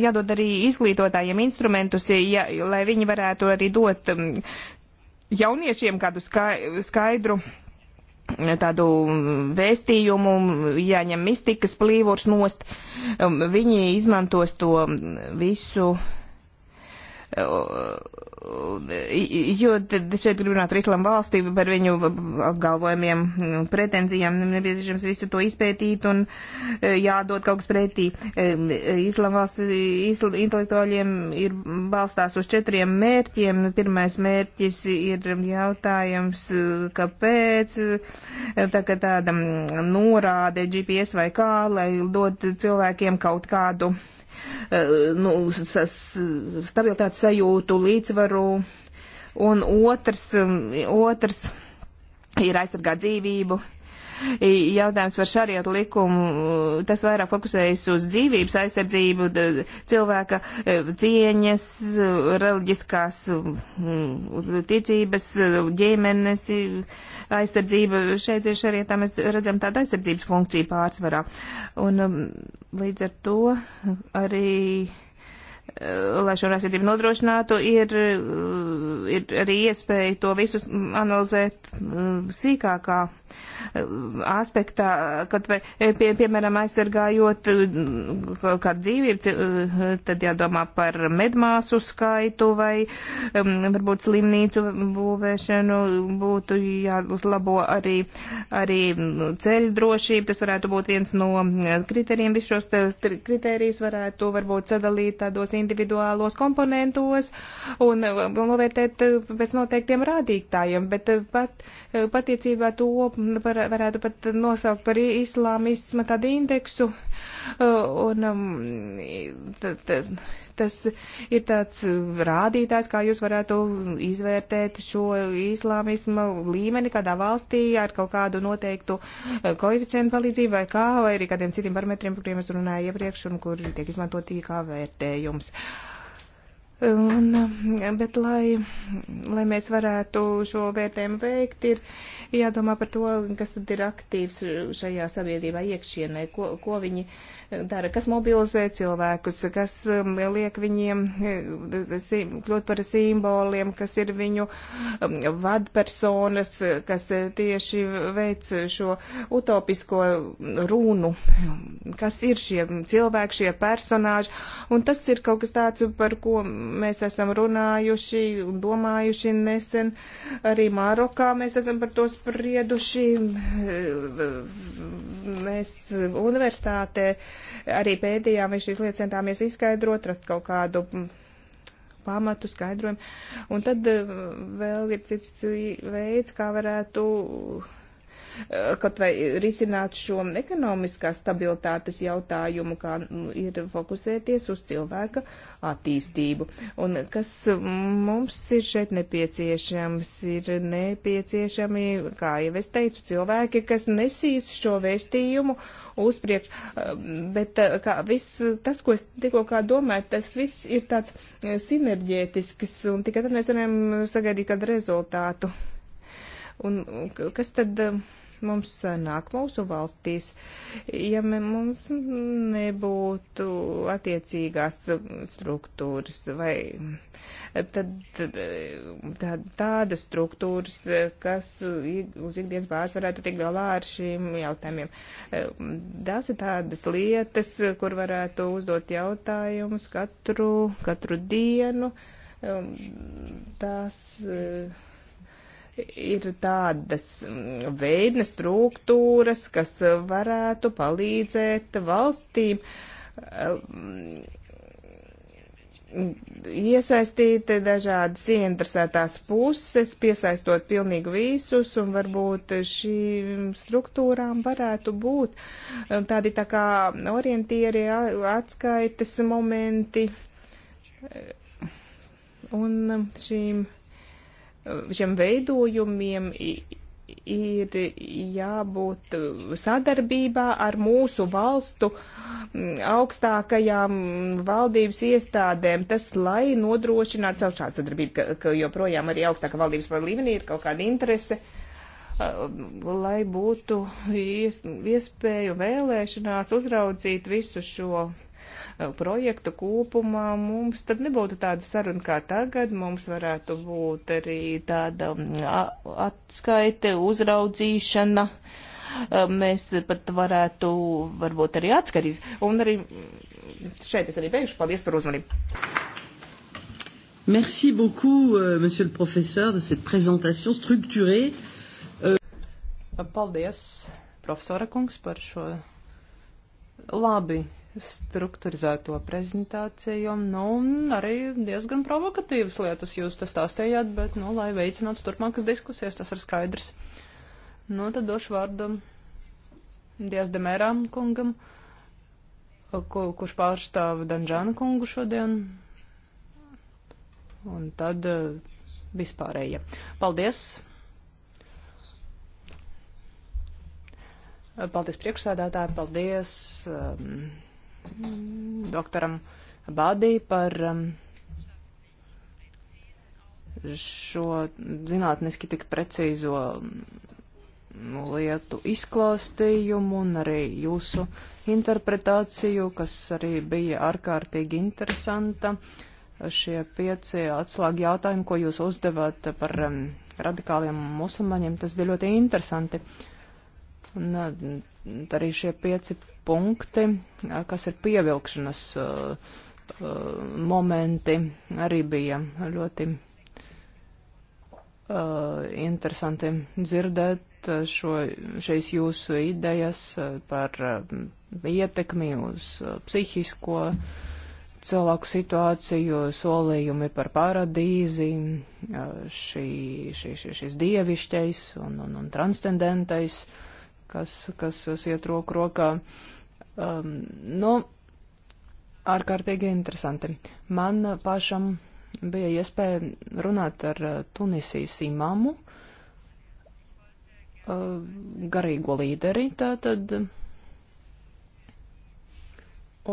jādod arī izglītotājiem instrumentus, ja, lai viņi varētu arī dot um, jauniešiem kādu skaidru tādu um, vēstījumu, jāņem mistikas plīvurs nost. Um, viņi izmantos to visu uh, jo šeit ir runāt par islāma valstīm, par viņu apgalvojumiem, pretenzijām, nepieciešams visu to izpētīt un e, jādod kaut kas pretī. E, islāma valsts isl intelektuāļiem ir balstās uz četriem mērķiem. Pirmais mērķis ir jautājums, e, kāpēc, tā kā tāda norāde GPS vai kā, lai dod cilvēkiem kaut kādu Eh, nu, stabilitātes sajūtu, līdzvaru. Un otrs, mm, otrs ir aizsargāt dzīvību, jautājums par šarietu likumu, tas vairāk fokusējas uz dzīvības aizsardzību, cilvēka e, cieņas, reliģiskās mm, ticības, ģimenes aizsardzība. Šeit šarietā mēs redzam tādu aizsardzības funkciju pārsvarā. Un um, līdz ar to arī e, lai šo aizsardzību nodrošinātu, ir, e, ir arī iespēja to visu analizēt sīkākā aspektā, kad, vai, pie, piemēram, aizsargājot kādu dzīvību, tad jādomā par medmāsu skaitu vai um, varbūt slimnīcu būvēšanu, būtu jāuzlabo arī, arī ceļu drošību. Tas varētu būt viens no kriterijiem. Visus šos kriterijus varētu varbūt sadalīt tādos individuālos komponentos un um, novērtēt uh, pēc noteiktiem rādītājiem, bet uh, pat, uh, patiecībā to par, varētu pat nosaukt par islāmisma tādu indeksu. Uh, un um, t, t, tas ir tāds rādītājs, kā jūs varētu izvērtēt šo islāmisma līmeni kādā valstī ar kaut kādu noteiktu uh, koeficientu palīdzību vai kā, vai arī kādiem citiem parametriem, par kuriem es runāju iepriekš un kur tiek izmantoti kā vērtējums. Uh, Un, eh, bet, lai, lai mēs varētu šo vērtējumu veikt, ir jādomā par to, kas tad ir aktīvs šajā sabiedrībā iekšienē, ko, ko viņi eh, dara, kas mobilizē cilvēkus, kas um, liek viņiem eh, kļūt par simboliem, kas ir viņu um, vadpersonas, kas tieši veic šo utopisko runu, kas ir šie cilvēki, šie personāži. Un tas ir kaut kas tāds, par ko mēs esam runājuši un domājuši nesen. Arī Marokā mēs esam par to sprieduši. Mēs universitātē arī pēdījām mēs šīs lietas centāmies izskaidrot, rast kaut kādu pamatu skaidrojumu. Un tad eh, vēl ir cits veids, kā varētu Eh, kaut vai risināt šo ekonomiskās stabilitātes jautājumu, kā nu, ir fokusēties uz cilvēka attīstību. Un kas mm, mums ir šeit nepieciešams? Ir nepieciešami, kā jau es teicu, cilvēki, kas nesīs šo vēstījumu uz priekšu. Eh, bet eh, kā, viss, tas, ko es tikko kā domāju, tas viss ir tāds sinerģētisks, un tikai tad mēs varam sagaidīt kādu rezultātu. Un kas tad um, mums uh, nāk mūsu valstīs? Ja mums nebūtu attiecīgās struktūras vai tad, um, tā, tādas struktūras, kas uz ikdienas bāzes varētu tikt galā ar šīm jautājumiem. Tās um, ir tādas lietas, kur varētu uzdot jautājumus katru, katru dienu. Tās. Uh, ir tādas mm, veidne struktūras, kas varētu palīdzēt valstīm mm, iesaistīt dažādas ieinteresētās puses, piesaistot pilnīgi visus, un varbūt šīm struktūrām varētu būt mm, tādi tā kā orientieri atskaites momenti, un šīm struktūrām šiem veidojumiem ir jābūt sadarbībā ar mūsu valstu augstākajām valdības iestādēm. Tas, lai nodrošinātu savu šādu sadarbību, ka, ka joprojām arī augstāka valdības līmenī ir kaut kāda interese, lai būtu ies, iespēju vēlēšanās uzraudzīt visu šo Eh, projektu kopumā mums tad nebūtu tāda saruna kā tagad, mums varētu būt arī tāda mm, atskaite, uzraudzīšana. Eh, mēs pat varētu varbūt arī atskatīt. Un arī mm, šeit es arī beigšu. Paldies par uzmanību. Merci beaucoup, euh, monsieur le professeur, de cette présentation structurée. Euh... Paldies, profesora kungs, par šo labi strukturizēto prezentāciju, nu, un arī diezgan provokatīvas lietas jūs tas stāstījāt, bet, nu, lai veicinātu turpmākas diskusijas, tas ir skaidrs. Nu, tad došu vārdu Dievs Demērām kungam, ku, kurš pārstāv Danžāna kungu šodien, un tad eh, vispārējie. Paldies! Paldies priekšsēdētāji, paldies! Um, doktoram Badī par um, šo zinātniski tik precīzo um, lietu izklāstījumu un arī jūsu interpretāciju, kas arī bija ārkārtīgi interesanta. Šie pieci atslēgi jautājumi, ko jūs uzdevāt par um, radikāliem musulmaņiem, tas bija ļoti interesanti. Un, uh, arī šie pieci punkti, kas ir pievilkšanas uh, uh, momenti, arī bija ļoti uh, interesanti dzirdēt šo, šeis jūsu idejas par ietekmi uz psihisko cilvēku situāciju, solījumi par paradīzi, šī, šī, šī, šis dievišķais un, un, un transcendentais uh, kas, kas iet roku rokā. Um, nu, ārkārtīgi interesanti. Man pašam bija iespēja runāt ar uh, Tunisijas imamu, uh, garīgo līderi tātad.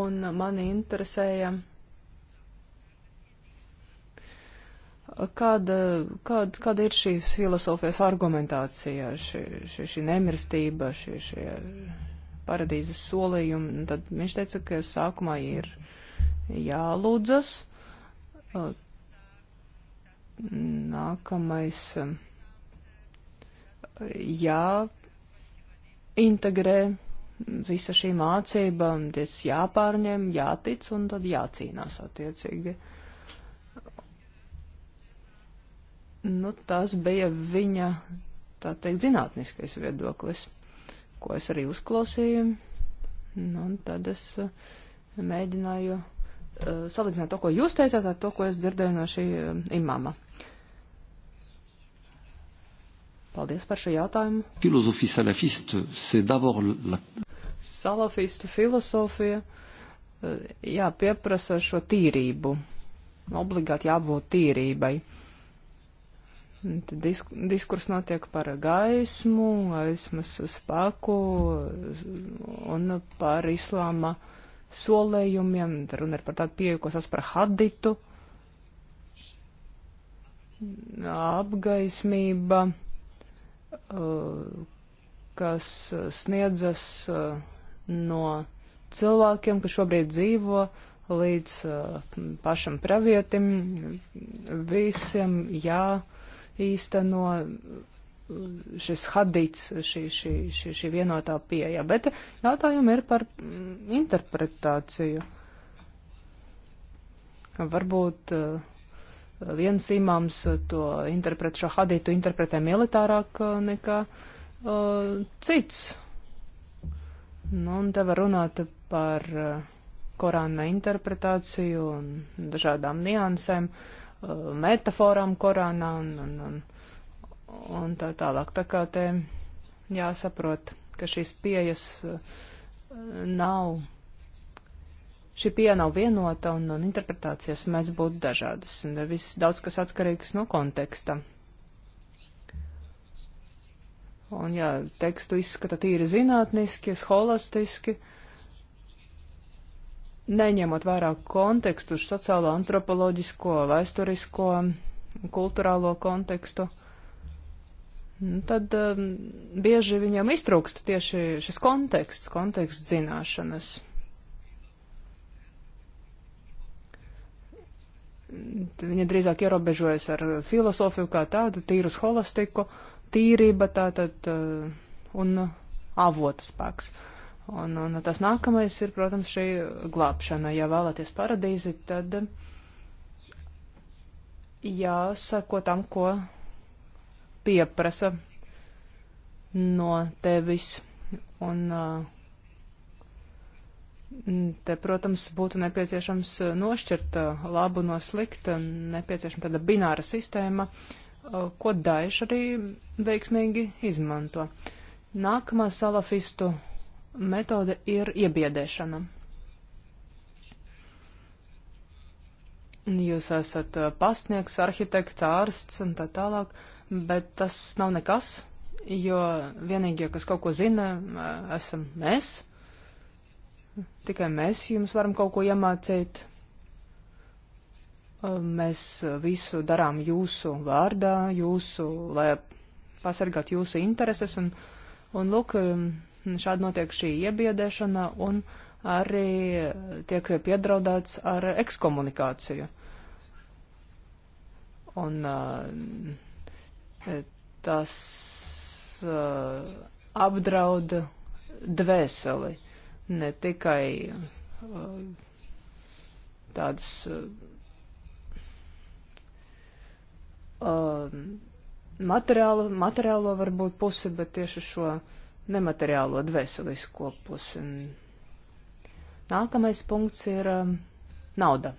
Un mani interesēja kāda, kāda, kāda ir šīs filozofijas argumentācija, šī, šī, šī nemirstība, šī, šie paradīzes solījumi. Tad viņš teica, ka sākumā ir jālūdzas, nākamais jāintegrē visa šī mācība, tiec jāpārņem, jātic un tad jācīnās attiecīgi. Uh, Nu, tas bija viņa, tā teikt, zinātniskais viedoklis, ko es arī uzklausīju. Nu, un tad es uh, mēģināju uh, salīdzināt to, ko jūs teicāt, ar to, ko es dzirdēju no šī uh, eh, imāma. Paldies par šo jautājumu. Filozofija salafista, c'est d'abord la... Salafistu filozofija, jā, pieprasa šo tīrību. Obligāti jābūt tīrībai. Disk, diskurs notiek par gaismu, gaismas spēku un par islāma solējumiem. Runa ir par tādu pieeju, ko sauc par haditu. Apgaismība, eh, kas sniedzas eh, no cilvēkiem, kas šobrīd dzīvo, līdz eh, pašam pravietim. Visiem jā. Ja īsteno šis hadīts, šī, šī, šī, šī vienotā pieeja, bet jautājumi ir par interpretāciju. Varbūt eh, viens imams to interpretē, šo hadītu interpretē militārāk eh, nekā uh, cits. Nu, un te var runāt par Korāna interpretāciju un dažādām niansēm. Uh, metaforām Korānā un, un, un, un tā tālāk. Tā kā te jāsaprot, ka šīs pieejas uh, nav, šī pieeja nav vienota un, un interpretācijas mēdz būt dažādas. Un viss daudz kas atkarīgs no konteksta. Un, ja tekstu izskata tīri zinātniski, holistiski, neņemot vērā kontekstu, sociālo, antropoloģisko, vēsturisko, kulturālo kontekstu, nu, tad um, bieži viņam iztrūkst tieši šis konteksts, konteksts zināšanas. Viņa drīzāk ierobežojas ar filozofiju kā tādu, tīru holistiku, tīrība tātad uh, un avota spēks. Uh, Un, un tas nākamais ir, protams, šī glābšana. Ja vēlaties paradīzi, tad jāsako tam, ko pieprasa no tevis. Un, uh, te, protams, būtu nepieciešams nošķirt uh, labu no slikta, nepieciešama tāda bināra sistēma, uh, ko Daiš arī veiksmīgi izmanto. Nākamā salafistu metode ir iebiedēšana. Jūs esat pasnieks, arhitekts, ārsts un tā tālāk, bet tas nav nekas, jo vienīgie, kas kaut ko zina, esam mēs. Tikai mēs jums varam kaut ko iemācīt. Mēs visu darām jūsu vārdā, jūsu, lai pasargātu jūsu intereses. Un, un lūk, Šādi notiek šī iebiedēšana un arī tiek piedraudāts ar ekskomunikāciju. Un eh, tas eh, apdraud dvēseli, ne tikai eh, tādas materiālo, materiālo varbūt pusi, bet tieši šo uh, nemateriālo dvēselisko pusi. Nākamais punkts ir um, nauda.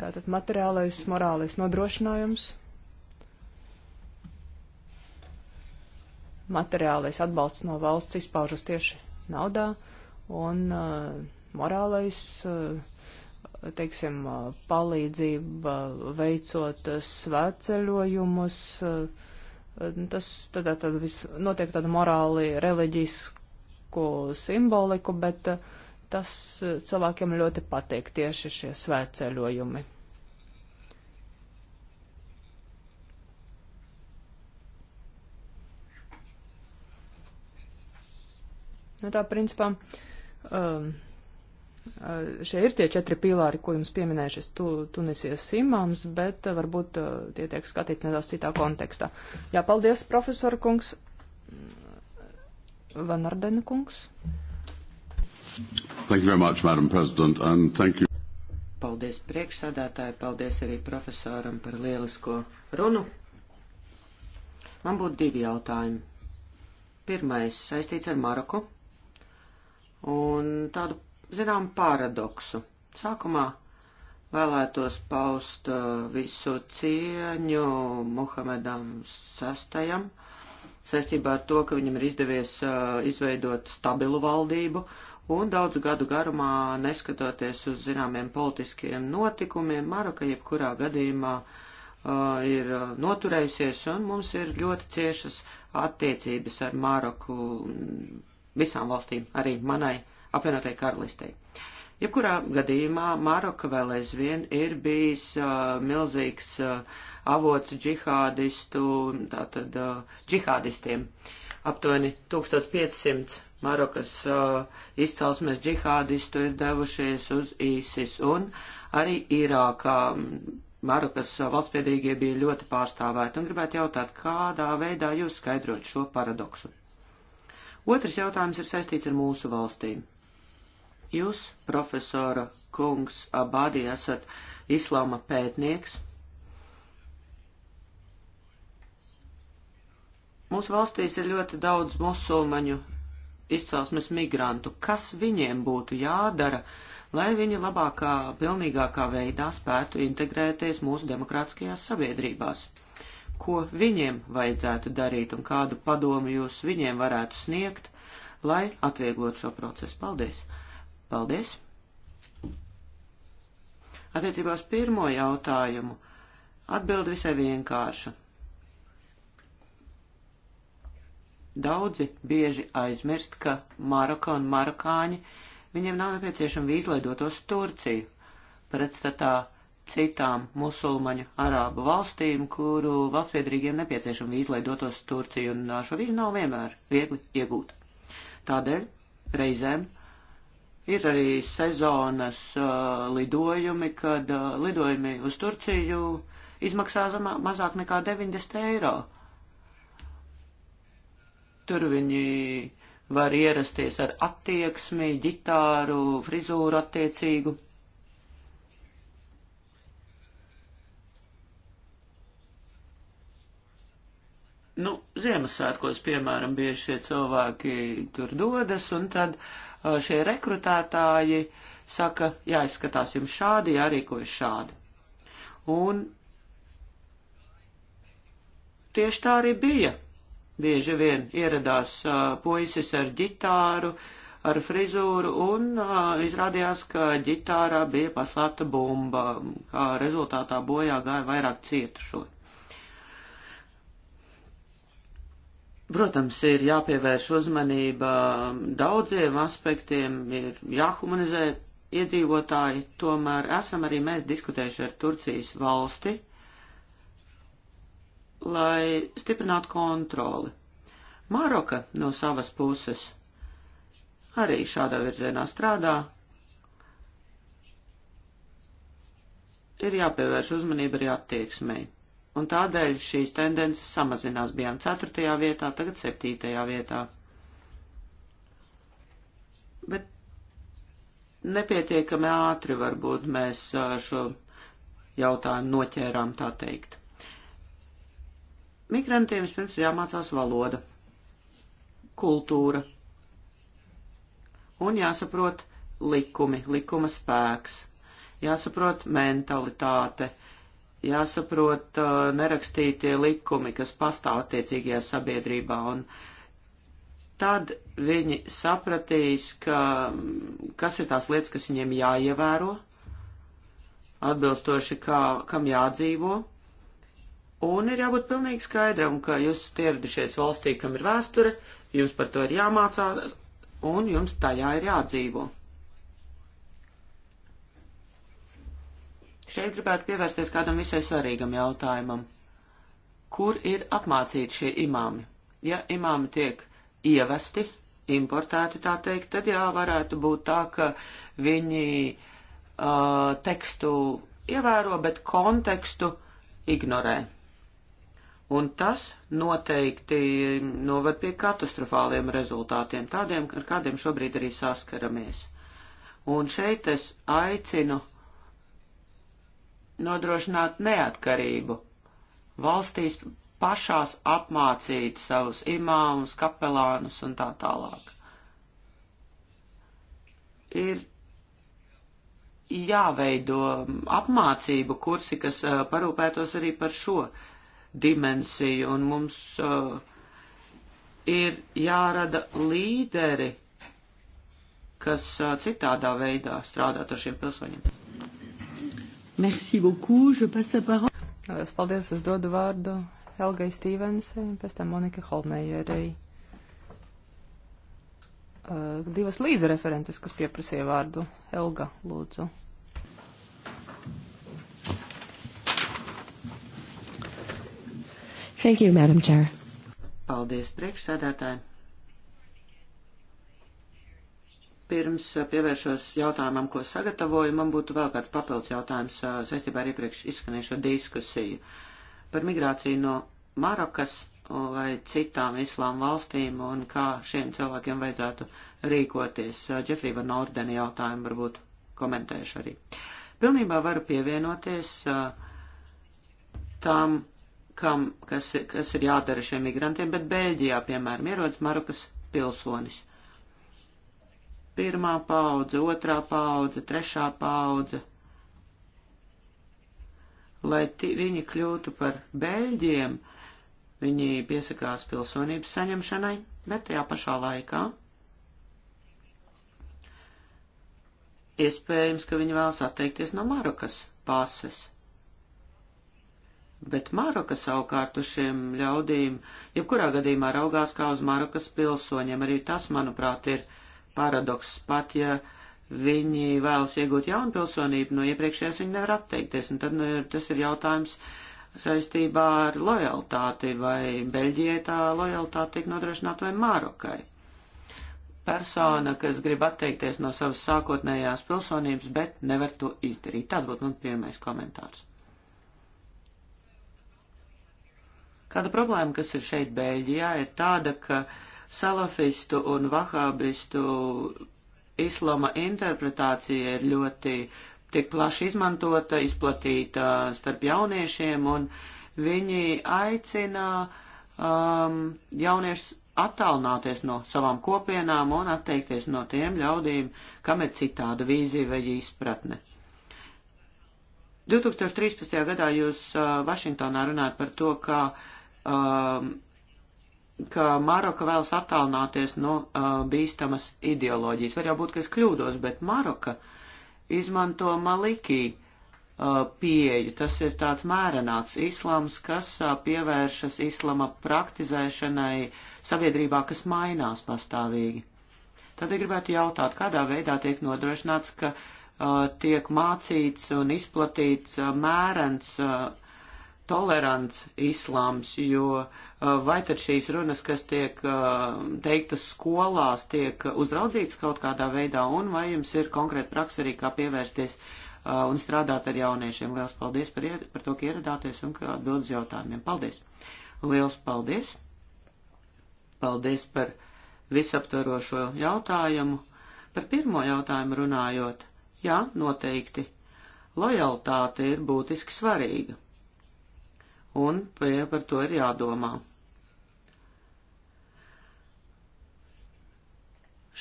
Tātad materiālais, morālais nodrošinājums, materiālais atbalsts no valsts izpaužas tieši naudā, un uh, morālais, uh, teiksim, uh, palīdzība veicot uh, svētceļojumus. Uh, Nu, tas tad, tad viss notiek tāda morāli reliģisku simboliku, bet eh, tas eh, cilvēkiem ļoti patīk tieši šie svētceļojumi. Nu, tā principā um, Šie ir tie četri pīlāri, ko jums pieminējušas tu, Tunisijas simams, bet eh, varbūt eh, tie tiek skatīti nedaudz citā kontekstā. Jā, paldies, profesor kungs. Vanardena kungs. Thank you very much, Madam President, and thank you. Paldies priekšsādātāji, paldies arī profesoram par lielisko runu. Man būtu divi jautājumi. Pirmais saistīts ar Maroku un tādu zinām paradoksu. Sākumā vēlētos paust uh, visu cieņu Muhamedam VI saistībā ar to, ka viņam ir izdevies uh, izveidot stabilu valdību un daudzu gadu garumā, neskatoties uz zināmiem politiskiem notikumiem, Maroka jebkurā gadījumā uh, ir noturējusies un mums ir ļoti ciešas attiecības ar Maroku visām valstīm, arī manai apvienotajai karalistei. Jebkurā gadījumā Maroka vēl aizvien ir bijis uh, milzīgs uh, avots džihādistu, tātad uh, džihādistiem. Aptuveni 1500 Marokas uh, izcelsmes džihādistu ir devušies uz ISIS un arī Irākā. Marokas valstspiedīgie bija ļoti pārstāvēti un gribētu jautāt, kādā veidā jūs skaidrot šo paradoksu. Otrs jautājums ir saistīts ar mūsu valstīm. Jūs, profesora Kungs Abadi, esat islāma pētnieks. Mūsu valstīs ir ļoti daudz musulmaņu izcelsmes migrantu. Kas viņiem būtu jādara, lai viņi labākā, pilnīgākā veidā spētu integrēties mūsu demokrātiskajās sabiedrībās? Ko viņiem vajadzētu darīt un kādu padomu jūs viņiem varētu sniegt, lai atvieglotu šo procesu? Paldies! Paldies! Attiecībā uz pirmo jautājumu atbild visai vienkārša. Daudzi bieži aizmirst, ka Maroka un Marokāņi viņiem nav nepieciešama vīza, lai dotos uz Turciju, pretstatā citām musulmaņu arābu valstīm, kuru valstsviedrīgiem nepieciešama vīza, lai dotos uz Turciju, un šo vīzu nav vienmēr viegli iegūt. Tādēļ reizēm Ir arī sezonas uh, lidojumi, kad uh, lidojumi uz Turciju izmaksā zamā, mazāk nekā 90 eiro. Tur viņi var ierasties ar attieksmi, ģitāru, frizūru attiecīgu. Nu, Ziemassvētkos, piemēram, bieži šie cilvēki tur dodas, un tad uh, šie rekrutētāji saka, jāizskatās jums šādi, jārīkojas šādi. Un tieši tā arī bija. Bieži vien ieradās uh, puisis ar ģitāru, ar frizūru, un uh, izrādījās, ka ģitārā bija paslēpta bumba, kā rezultātā bojā gāja vairāk cietušo. Protams, ir jāpievērš uzmanība daudziem aspektiem, ir jāhumanizē iedzīvotāji, tomēr esam arī mēs diskutējuši ar Turcijas valsti, lai stiprinātu kontroli. Maroka no savas puses arī šādā virzienā strādā. Ir jāpievērš uzmanība arī attieksmei un tādēļ šīs tendences samazinās. Bijām 4. vietā, tagad 7. vietā. Bet nepietiekami ātri varbūt mēs šo jautājumu noķērām, tā teikt. Migrantiem vispirms ir jāmācās valoda, kultūra un jāsaprot likumi, likuma spēks, jāsaprot mentalitāte jāsaprot uh, nerakstītie likumi, kas pastāv attiecīgajā sabiedrībā, un tad viņi sapratīs, ka, kas ir tās lietas, kas viņiem jāievēro, atbilstoši kā, kam jādzīvo, un ir jābūt pilnīgi skaidram, ka jūs ieradušies valstī, kam ir vēsture, jums par to ir jāmācās, un jums tajā ir jādzīvo. Šeit gribētu pievērsties kādam visai svarīgam jautājumam. Kur ir apmācīti šie imāmi? Ja imāmi tiek ievesti, importēti tā teikt, tad jā, varētu būt tā, ka viņi uh, tekstu ievēro, bet kontekstu ignorē. Un tas noteikti noved pie katastrofāliem rezultātiem, tādiem, ar kādiem šobrīd arī saskaramies. Un šeit es aicinu nodrošināt neatkarību, valstīs pašās apmācīt savus imāmus, kapelānus un tā tālāk. Ir jāveido apmācību kursi, kas parūpētos arī par šo dimensiju, un mums uh, ir jārada līderi, kas uh, citādā veidā strādāt ar šiem pilsoņiem. Merci beaucoup. Je passe la parole. Lielas paldies. Es dodu vārdu Helgai Stevensai un pēc tam Monika Holmējerei. Uh, divas līdzreferentes, kas pieprasīja vārdu. Helga, lūdzu. Thank you, Madam Chair. Paldies priekšsēdētājiem. pirms eh, pievēršos jautājumam, ko sagatavoju, man būtu vēl kāds papildus jautājums eh, saistībā ar iepriekš izskanējušo diskusiju par migrāciju no Marokas vai citām islām valstīm un kā šiem cilvēkiem vajadzētu rīkoties. Eh, Džefrīva Nordeni jautājumu varbūt komentēšu arī. Pilnībā varu pievienoties tām kam, kas, kas ir jādara šiem migrantiem, bet Bēļģijā, piemēram, ierodas Marokas pilsonis. Pirmā paudze, otrā paudze, trešā paudze. Lai viņi kļūtu par beļģiem, viņi piesakās pilsonības saņemšanai, bet tajā pašā laikā iespējams, ka viņi vēlas atteikties no Marokas pases. Bet Maroka savukārt uz šiem ļaudīm, jebkurā gadījumā raugās kā uz Marokas pilsoņiem, arī tas, manuprāt, ir paradokss pat, ja viņi vēlas iegūt jaunu pilsonību, no iepriekšējās viņi nevar atteikties, un tad nu, tas ir jautājums saistībā ar lojaltāti, vai Beļģijai tā lojaltāte tiek nodrošināta vai Mārokai. Persona, kas grib atteikties no savas sākotnējās pilsonības, bet nevar to izdarīt. Tāds būtu mans pirmais komentārs. Kāda problēma, kas ir šeit Beļģijā, ir tāda, ka uh, Salafistu un vahābistu islama interpretācija ir ļoti tik plaši izmantota, izplatīta starp jauniešiem, un viņi aicina um, jauniešus attālināties no savām kopienām un atteikties no tiem ļaudīm, kam ir citāda vīzija vai izpratne. 2013. gadā jūs uh, Vašingtonā runājat par to, ka um, ka Maroka vēlas attālināties no uh, bīstamas ideoloģijas. Var jau būt, ka es kļūdos, bet Maroka izmanto Malikī uh, pieeju. Tas ir tāds mērenāts islams, kas uh, pievēršas islama praktizēšanai sabiedrībā, kas mainās pastāvīgi. Tad es gribētu jautāt, kādā veidā tiek nodrošināts, ka uh, tiek mācīts un izplatīts uh, mērens uh, tolerants islāms, jo uh, vai tad šīs runas, kas tiek uh, teiktas skolās, tiek uzraudzītas kaut kādā veidā, un vai jums ir konkrēta praksa arī, kā pievērsties uh, un strādāt ar jauniešiem? Liels paldies par, ier, par to, ka ieradāties un ka atbildes jautājumiem. Paldies! Liels paldies! Paldies par visaptvarošo jautājumu. Par pirmo jautājumu runājot, jā, noteikti. Lojaltāte ir būtiski svarīga un par to ir jādomā.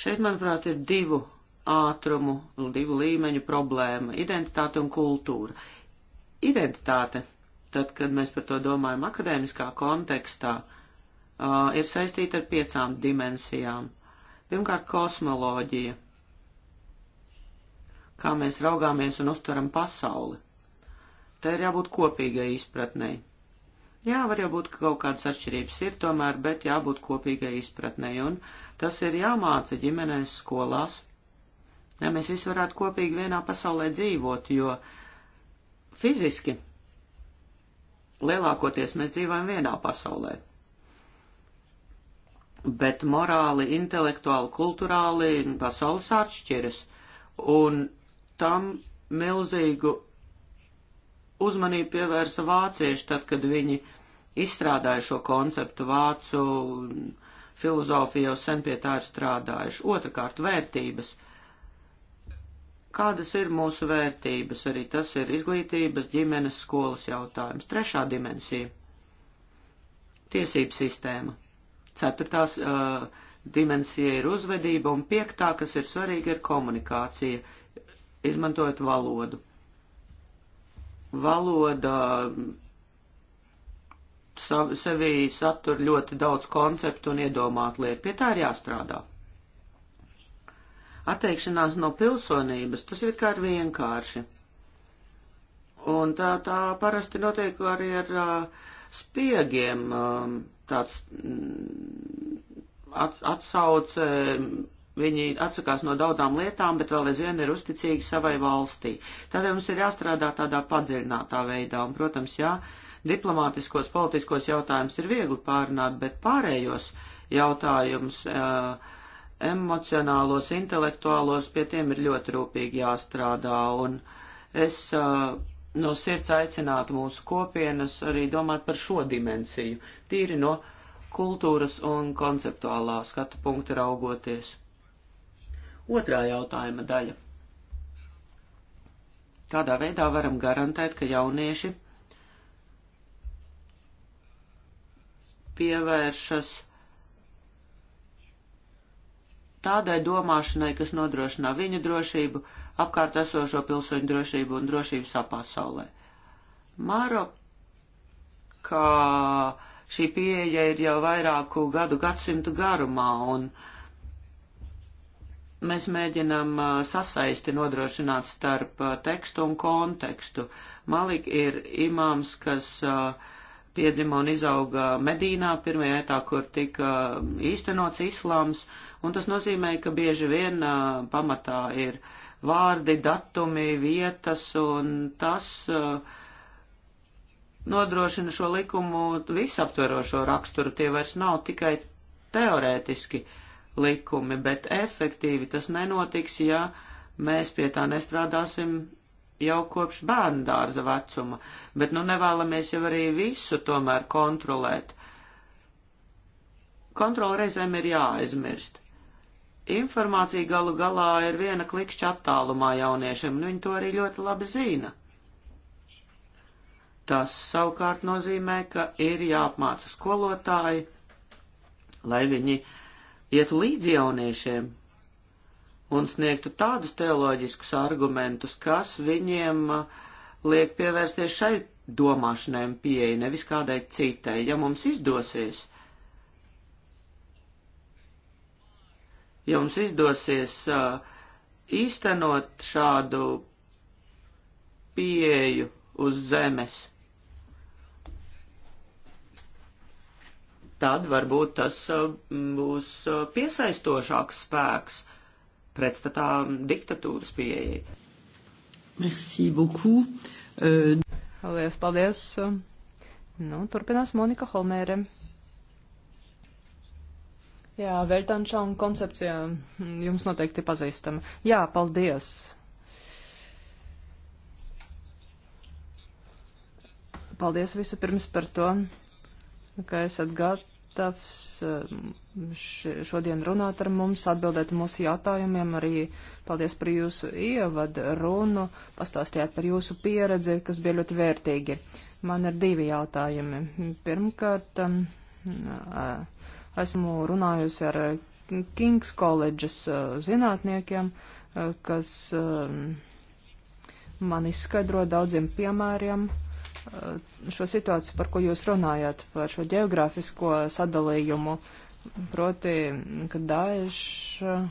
Šeit, manuprāt, ir divu ātrumu, divu līmeņu problēma - identitāte un kultūra. Identitāte, tad, kad mēs par to domājam akadēmiskā kontekstā, uh, ir saistīta ar piecām dimensijām. Pirmkārt, kosmoloģija kā mēs raugāmies un uztveram pasauli. Te ir jābūt kopīgai izpratnei. Jā, var jau būt, ka kaut kādas atšķirības ir tomēr, bet jābūt kopīgai izpratnē, un tas ir jāmāca ģimenēs skolās. Ja mēs visi varētu kopīgi vienā pasaulē dzīvot, jo fiziski lielākoties mēs dzīvojam vienā pasaulē. Bet morāli, intelektuāli, kulturāli pasaules atšķiras, un tam milzīgu uzmanību pievērsa vācieši, tad, kad viņi izstrādāja šo konceptu vācu filozofiju, jau sen pie tā ir strādājuši. Otrakārt, vērtības. Kādas ir mūsu vērtības? Arī tas ir izglītības, ģimenes, skolas jautājums. Trešā dimensija - tiesību sistēma. Ceturtās uh, dimensija ir uzvedība, un piektā, kas ir svarīga, ir komunikācija, izmantojot valodu valoda sav, sevī satur ļoti daudz konceptu un iedomātu lietu. Pie tā ir jāstrādā. Atteikšanās no pilsonības, tas ir kā ir vienkārši. Un tā, tā parasti notiek arī ar uh, spiegiem, um, tāds mm, at, atsauce Viņi atsakās no daudzām lietām, bet vēl aizvien ir uzticīgi savai valstī. Tādēļ mums ir jāstrādā tādā padziļinātā veidā, un, protams, jā, diplomātiskos, politiskos jautājumus ir viegli pārunāt, bet pārējos jautājumus, eh, emocionālos, intelektuālos, pie tiem ir ļoti rūpīgi jāstrādā, un es eh, no sirds aicinātu mūsu kopienas arī domāt par šo dimensiju, tīri no kultūras un konceptuālā skatu punkta raugoties. Otrā jautājuma daļa. Kādā veidā varam garantēt, ka jaunieši pievēršas tādai domāšanai, kas nodrošinā viņu drošību, apkārt esošo pilsoņu drošību un drošību sapasaulē. Māro, kā šī pieeja ir jau vairāku gadu gadsimtu garumā, un uh, mēs mēģinam uh, sasaisti nodrošināt starp uh, tekstu un kontekstu. Malik ir imāms, kas uh, piedzima un izauga Medīnā, pirmajā etā, kur tika īstenots islāms, un tas nozīmē, ka bieži vien pamatā ir vārdi, datumi, vietas, un tas nodrošina šo likumu visaptverošo raksturu. Tie vairs nav tikai teorētiski. Uh, likumi, bet efektīvi tas nenotiks, ja mēs pie tā nestrādāsim jau kopš bērnu dārza vecuma, bet nu nevēlamies jau arī visu tomēr kontrolēt. Kontrola reizēm ir jāaizmirst. Informācija galu galā ir viena klikšķa attālumā jauniešiem, un viņi to arī ļoti labi zina. Tas savukārt nozīmē, ka ir jāapmāca skolotāji, lai viņi uh, ietu līdzi jauniešiem un sniegtu tādus teoloģiskus argumentus, kas viņiem liek pievērsties šai domāšanai un pieeja, nevis kādai citai. Ja mums izdosies, ja mums izdosies īstenot šādu pieeju uz zemes, tad varbūt tas uh, būs uh, piesaistošāks spēks pretstatā diktatūras pieejai. Merci beaucoup. Uh... Lielas paldies. Nu, turpinās Monika Holmēre. Jā, Veltančona koncepcija jums noteikti pazīstama. Jā, paldies. Paldies visu pirms par to, ka esat gat gatavs um, šodien runāt ar mums, atbildēt mūsu jautājumiem. Arī paldies par jūsu ievadu runu, pastāstījāt par jūsu pieredzi, kas bija ļoti vērtīgi. Man ir divi jautājumi. Pirmkārt, um, esmu runājusi ar Kings koledžas uh, zinātniekiem, uh, kas um, man izskaidro daudziem piemēriem, uh, Eh, šo situāciju, par ko jūs runājat, par šo geogrāfisko sadalījumu, proti, ka Daesh uh,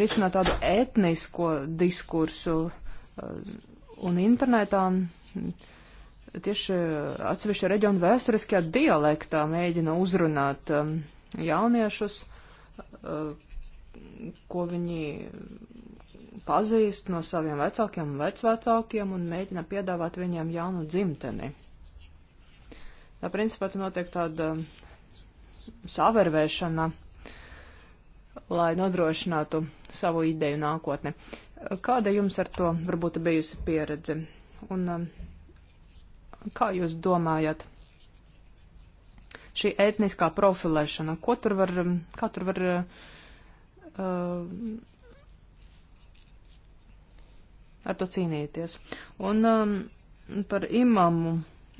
risina tādu etnisko diskursu uh, un internetā tieši atsevišķa reģiona vēsturiskajā dialektā mēģina uzrunāt um, jauniešus, uh, ko viņi pazīst no saviem vecākiem un vecvecākiem un mēģina piedāvāt viņiem jaunu dzimteni. Tā principā tur notiek tāda um, savervēšana, lai nodrošinātu savu ideju nākotni. Kāda jums ar to varbūt bijusi pieredze? Un um, kā jūs domājat? Šī etniskā profilēšana, ko tur var, um, kā tur var uh, ar to cīnīties. Un um, par imamu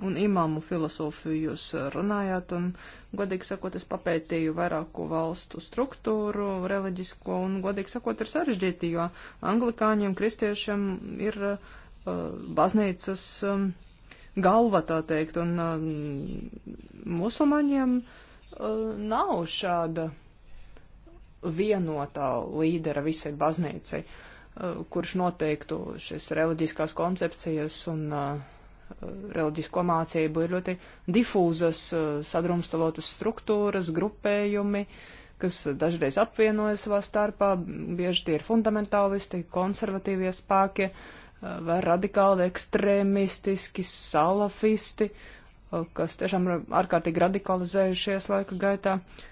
un imamu filozofiju jūs uh, runājāt, un, godīgi sakot, es papētīju vairāku valstu struktūru, reliģisko, un, godīgi sakot, ir sarežģīti, jo anglikāņiem, kristiešiem ir uh, baznīcas um, galva, tā teikt, un uh, musulmaņiem uh, nav šāda vienotā līdera visai baznīcai. Uh, Uh, kurš noteiktu šis reliģiskās koncepcijas un uh, reliģisko mācību ir ļoti difūzas, uh, sadrumstalotas struktūras, grupējumi, kas dažreiz apvienojas savā starpā, bieži tie ir fundamentālisti, konservatīvie spēki vai radikāli ekstrēmistiski, salafisti, kas tiešām ir ārkārtīgi radikalizējušies laika gaitā. Uh,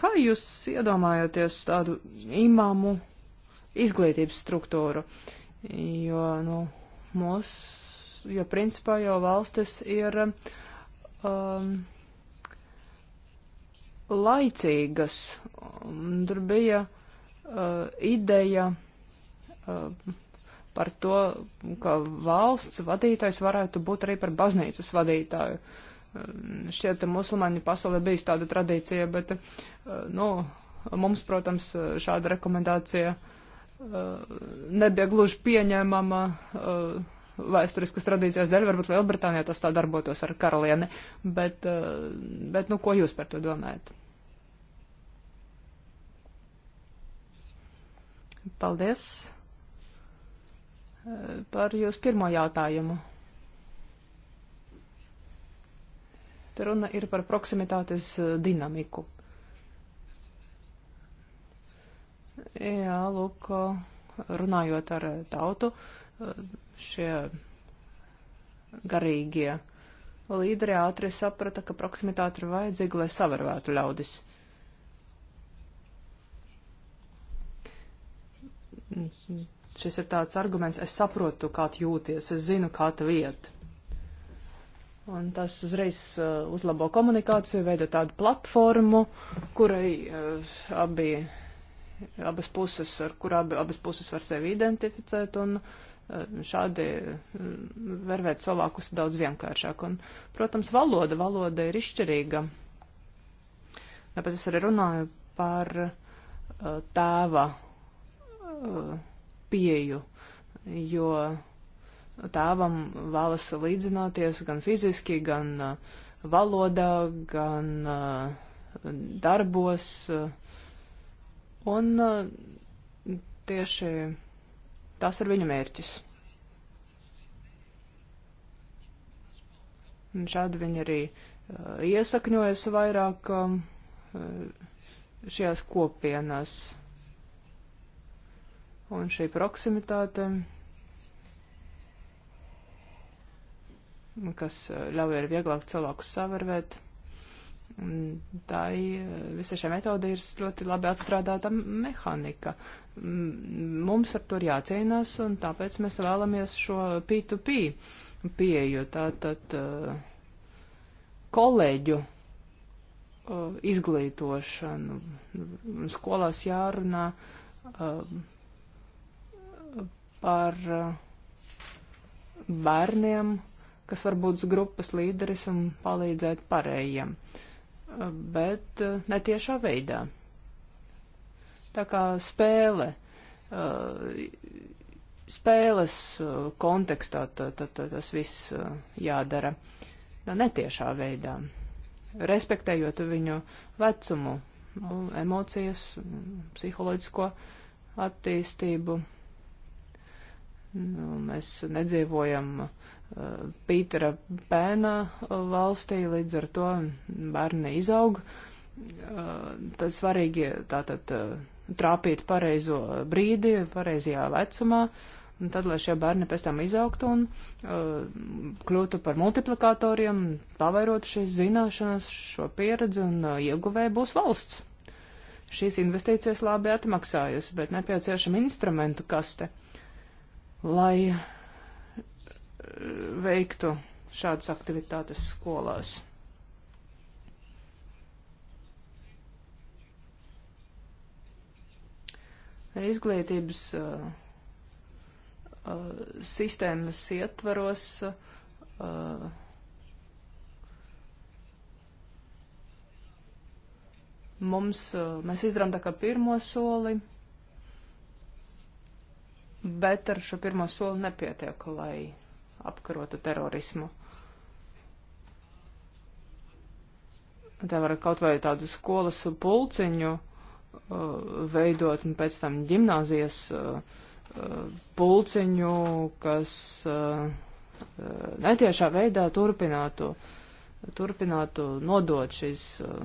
Kā jūs iedomājaties tādu imāmu izglītības struktūru? Jo, nu, mūs, jo principā jau valstis ir um, laicīgas. Tur bija uh, ideja uh, par to, ka valsts vadītājs varētu būt arī par baznīcas vadītāju. Uh, Ehm, šķiet, musulmaņu pasaulē bijis tāda tradīcija, bet, eh, nu, mums, protams, šāda rekomendācija eh, nebija gluži pieņēmama eh, vēsturiskas tradīcijas dēļ, varbūt Lielbritānijā tas tā darbotos ar karalieni, bet, bet nu, ko jūs par to domājat? Paldies par jūsu pirmo jautājumu. Te runa ir par proximitātes eh, dinamiku. Jā, lūk, eh, runājot ar eh, tautu, šie garīgie līderi ātri saprata, ka proximitāte ir vajadzīga, lai savarvētu ļaudis. Mhm. Šis ir tāds arguments, es saprotu, kā jūties, es zinu, kā tu vieti. Un tas uzreiz uh, uzlabo komunikāciju, veido tādu platformu, kurai uh, abi, abas puses, ar kur abi, abas puses var sevi identificēt un uh, šādi mm, vervēt cilvēkus daudz vienkāršāk. Un, protams, valoda, valoda ir izšķirīga. Tāpēc es arī runāju par uh, tēva uh, pieju, jo tēvam vēlas līdzināties gan fiziski, gan uh, valodā, gan uh, darbos. Uh, un uh, tieši tas ir viņa mērķis. Un šādi viņi arī uh, iesakņojas vairāk um, uh, šajās kopienās. Un šī proximitāte kas eh, ļauj ar vieglāk cilvēkus savarbēt. Tā eh, visa šī metode ir ļoti labi atstrādāta mehanika. Mums ar to ir jācīnās, un tāpēc mēs vēlamies šo P2P pieju, tātad eh, kolēģu izglītošanu. Skolās jārunā par bērniem kas var būt grupas līderis un palīdzēt pārējiem, eh, bet eh, netiešā veidā. Tā kā spēle, eh, spēles kontekstā t, t, t, tas viss jādara tā nu, netiešā veidā, respektējot viņu vecumu, nu, emocijas, mm, psiholoģisko attīstību. Nu, mēs nedzīvojam uh, Pītera Pēna eh, valstī, līdz ar to bērni izaug. Uh, eh, tas svarīgi tātad uh, trāpīt pareizo brīdi, pareizajā vecumā, un tad, lai šie bērni pēc tam izaugtu un uh, kļūtu par multiplikatoriem, pavairotu šīs zināšanas, šo pieredzi un uh, ieguvēja būs valsts. Šīs investīcijas labi atmaksājas, bet nepieciešama instrumentu kaste. Uh, lai eh, veiktu šādas aktivitātes skolās. Izglītības uh, uh, sistēmas ietvaros uh, mums, mēs izdarām tā kā pirmo soli bet ar šo pirmo soli nepietiek, lai apkarotu terorismu. Te var kaut vai tādu skolas pulciņu uh, veidot, un pēc tam gimnāzijas uh, uh pulciņu, kas uh, uh, netiešā veidā turpinātu, turpinātu nodot šīs uh,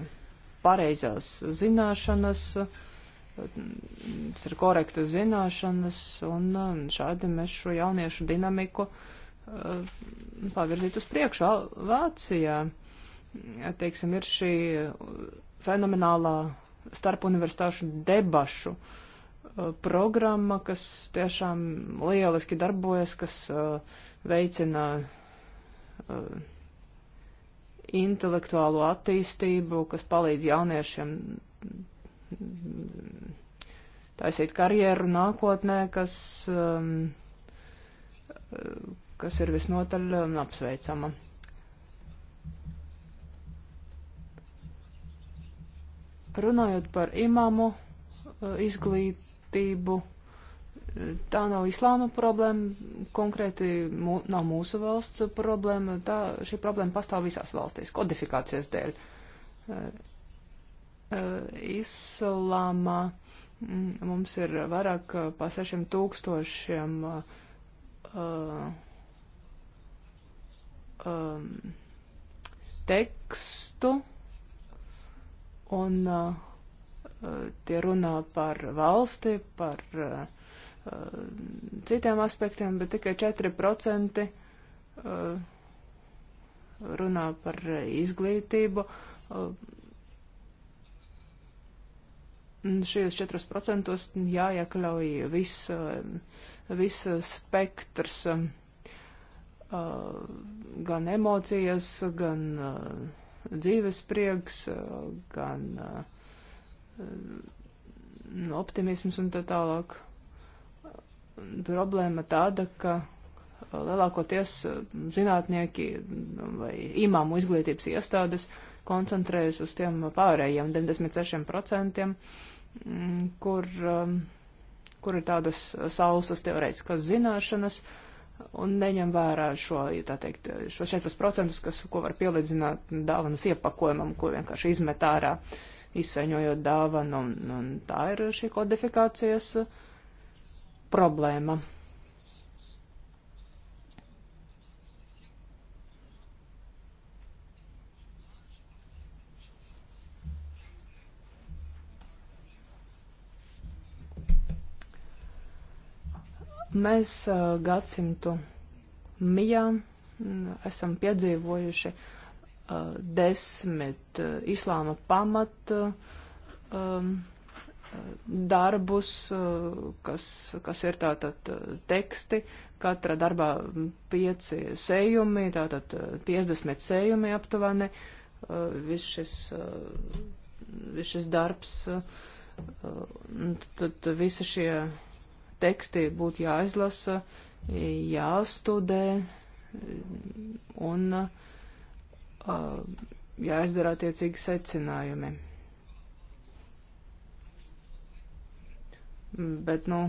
pareizās zināšanas. Uh, tas ir korektas zināšanas, un um, šādi mēs šo jauniešu dinamiku uh, pavirzīt uz priekšu. Vācijā, teiksim, ir šī fenomenālā starpuniversitāšu debašu uh, programma, kas tiešām lieliski darbojas, kas uh, veicina intelektuālo attīstību, kas palīdz jauniešiem taisīt karjeru nākotnē, kas, um, kas ir visnotaļ um, apsveicama. Runājot par imāmu uh, izglītību, tā nav islāma problēma, konkrēti mū, nav mūsu valsts problēma, tā šī problēma pastāv visās valstīs, kodifikācijas dēļ. Uh, Eh, islāmā mm, mums ir vairāk eh, pa sešiem tūkstošiem uh, eh, um, tekstu, un uh, tie runā par valsti, par uh, citiem aspektiem, bet tikai 4% uh, runā par izglītību. Uh, šajos 4% jāiekļauj viss vis eh, eh, spektrs, eh, gan emocijas, gan dzīves prieks, gan nu, optimisms un tā tālāk. Problēma tāda, ka lielākoties zinātnieki nu, vai imāmu izglītības iestādes koncentrējas uz tiem pārējiem 96%, Mm, kur, um, kur ir tādas sausas teorētiskas zināšanas un neņem vērā šo, tā teikt, šo 14%, kas, ko var pielīdzināt dāvanas iepakojumam, ko vienkārši izmet ārā, izsaņojot dāvanu, un, un tā ir šī kodifikācijas problēma. Mēs uh, gadsimtu mijā esam piedzīvojuši uh, desmit uh, islāma pamat um, darbus, kas, kas ir tātad teksti, katra darbā pieci sējumi, tātad 50 sējumi aptuveni, viss šis, vis šis darbs, tad visi šie teksti būtu jāizlasa, jāstudē un jāizdara attiecīgi secinājumi. Bet, nu,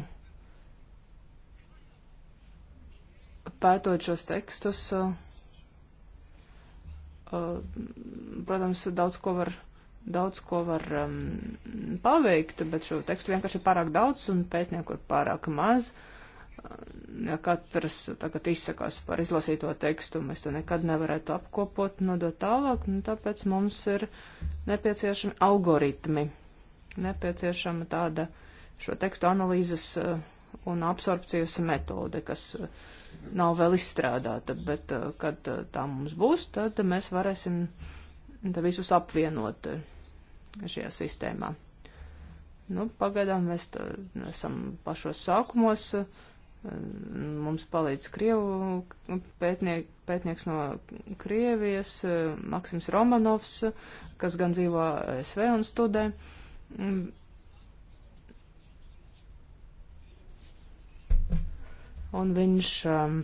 pētot šos tekstus, protams, daudz ko var daudz ko var um, paveikt, bet šo tekstu vienkārši ir pārāk daudz un pētnieku ir pārāk maz. Ja katrs tagad izsakās par izlasīto tekstu, mēs to nekad nevarētu apkopot un nodot tālāk, nu, tāpēc mums ir nepieciešami algoritmi, nepieciešama tāda šo tekstu analīzes uh, un absorpcijas metode, kas uh, nav vēl izstrādāta, bet uh, kad uh, tā mums būs, tad mēs varēsim te visus apvienot. Uh, šajā sistēmā. Nu, pagaidām mēs tā, esam pašos sākumos. E, mums palīdz Krievu pētniek, pētnieks no Krievijas, e, Maksims Romanovs, kas gan dzīvo SV un studē. Mm. Un viņš um,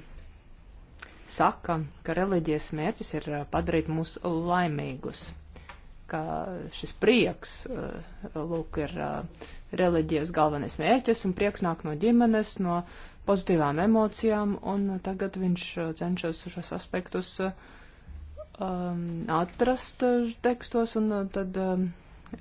saka, ka reliģijas mērķis ir padarīt mūs laimīgus ka šis prieks, eh, lūk, ir eh, reliģijas galvenais mērķis, un prieks nāk no ģimenes, no pozitīvām emocijām, un tagad viņš eh, cenšas šos aspektus um, atrast tekstos, un tad um,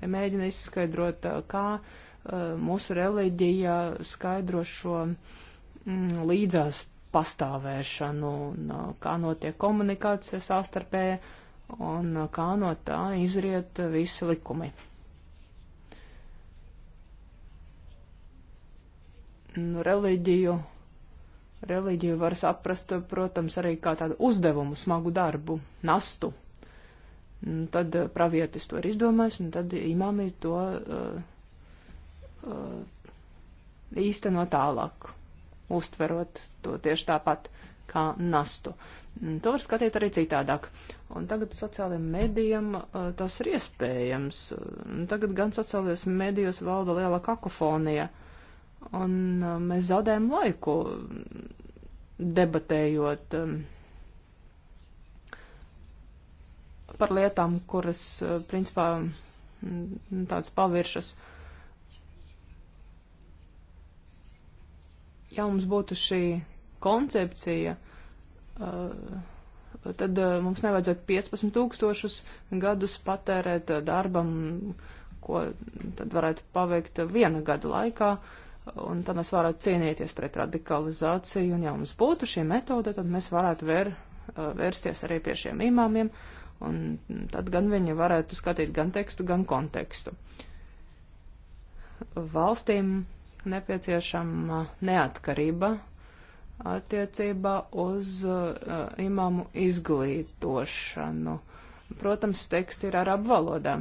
mēģina izskaidrot, kā uh, mūsu reliģija skaidro šo mm, līdzās pastāvēšanu, un uh, kā notiek komunikācija sāstarpēji un kā no tā izriet visi likumi. Nu, reliģiju, reliģiju var saprast, protams, arī kā tādu uzdevumu, smagu darbu, nastu. Un nu, tad pravietis to ir izdomājis, un tad imāmi to uh, uh, īsteno tālāk, uztverot to tieši tāpat kā nastu. Mm, to var skatīt arī citādāk. Un tagad sociālajiem medijiem uh, tas ir iespējams. Tagad gan sociālajos medijos valda liela kakofonija. Un uh, mēs zaudējam laiku debatējot um, par lietām, kuras uh, principā mm, tādas paviršas. Ja mums būtu šī koncepcija, uh, Uh, uh, tad uh, mums nevajadzētu 15 tūkstošus gadus patērēt darbam, ko tad varētu paveikt viena gada laikā, un tad mēs varētu cīnīties pret radikalizāciju, un ja mums būtu šī metode, tad mēs varētu vēr, vērsties arī pie šiem imāmiem, un tad gan viņi varētu skatīt gan tekstu, gan kontekstu. Valstīm nepieciešama neatkarība attiecībā uz uh, imāmu izglītošanu. Protams, teksti ir arabu valodā.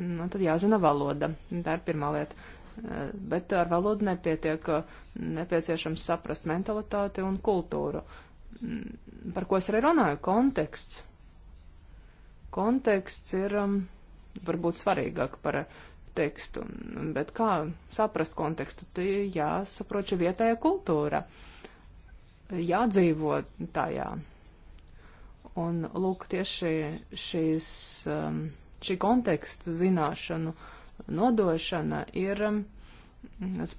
Nu, tad jāzina valoda. Tā ir pirmā lieta. Uh, bet ar valodu nepietiek, uh, nepieciešams saprast mentalitāti un kultūru. Mm, par ko es arī runāju? Konteksts. Konteksts ir um, varbūt svarīgāk par tekstu, bet kā saprast kontekstu, tie jāsaprot šī vietējā kultūra. Uh, jādzīvo tajā. Un lūk, tieši šīs, um, šī konteksta zināšanu nodošana ir um,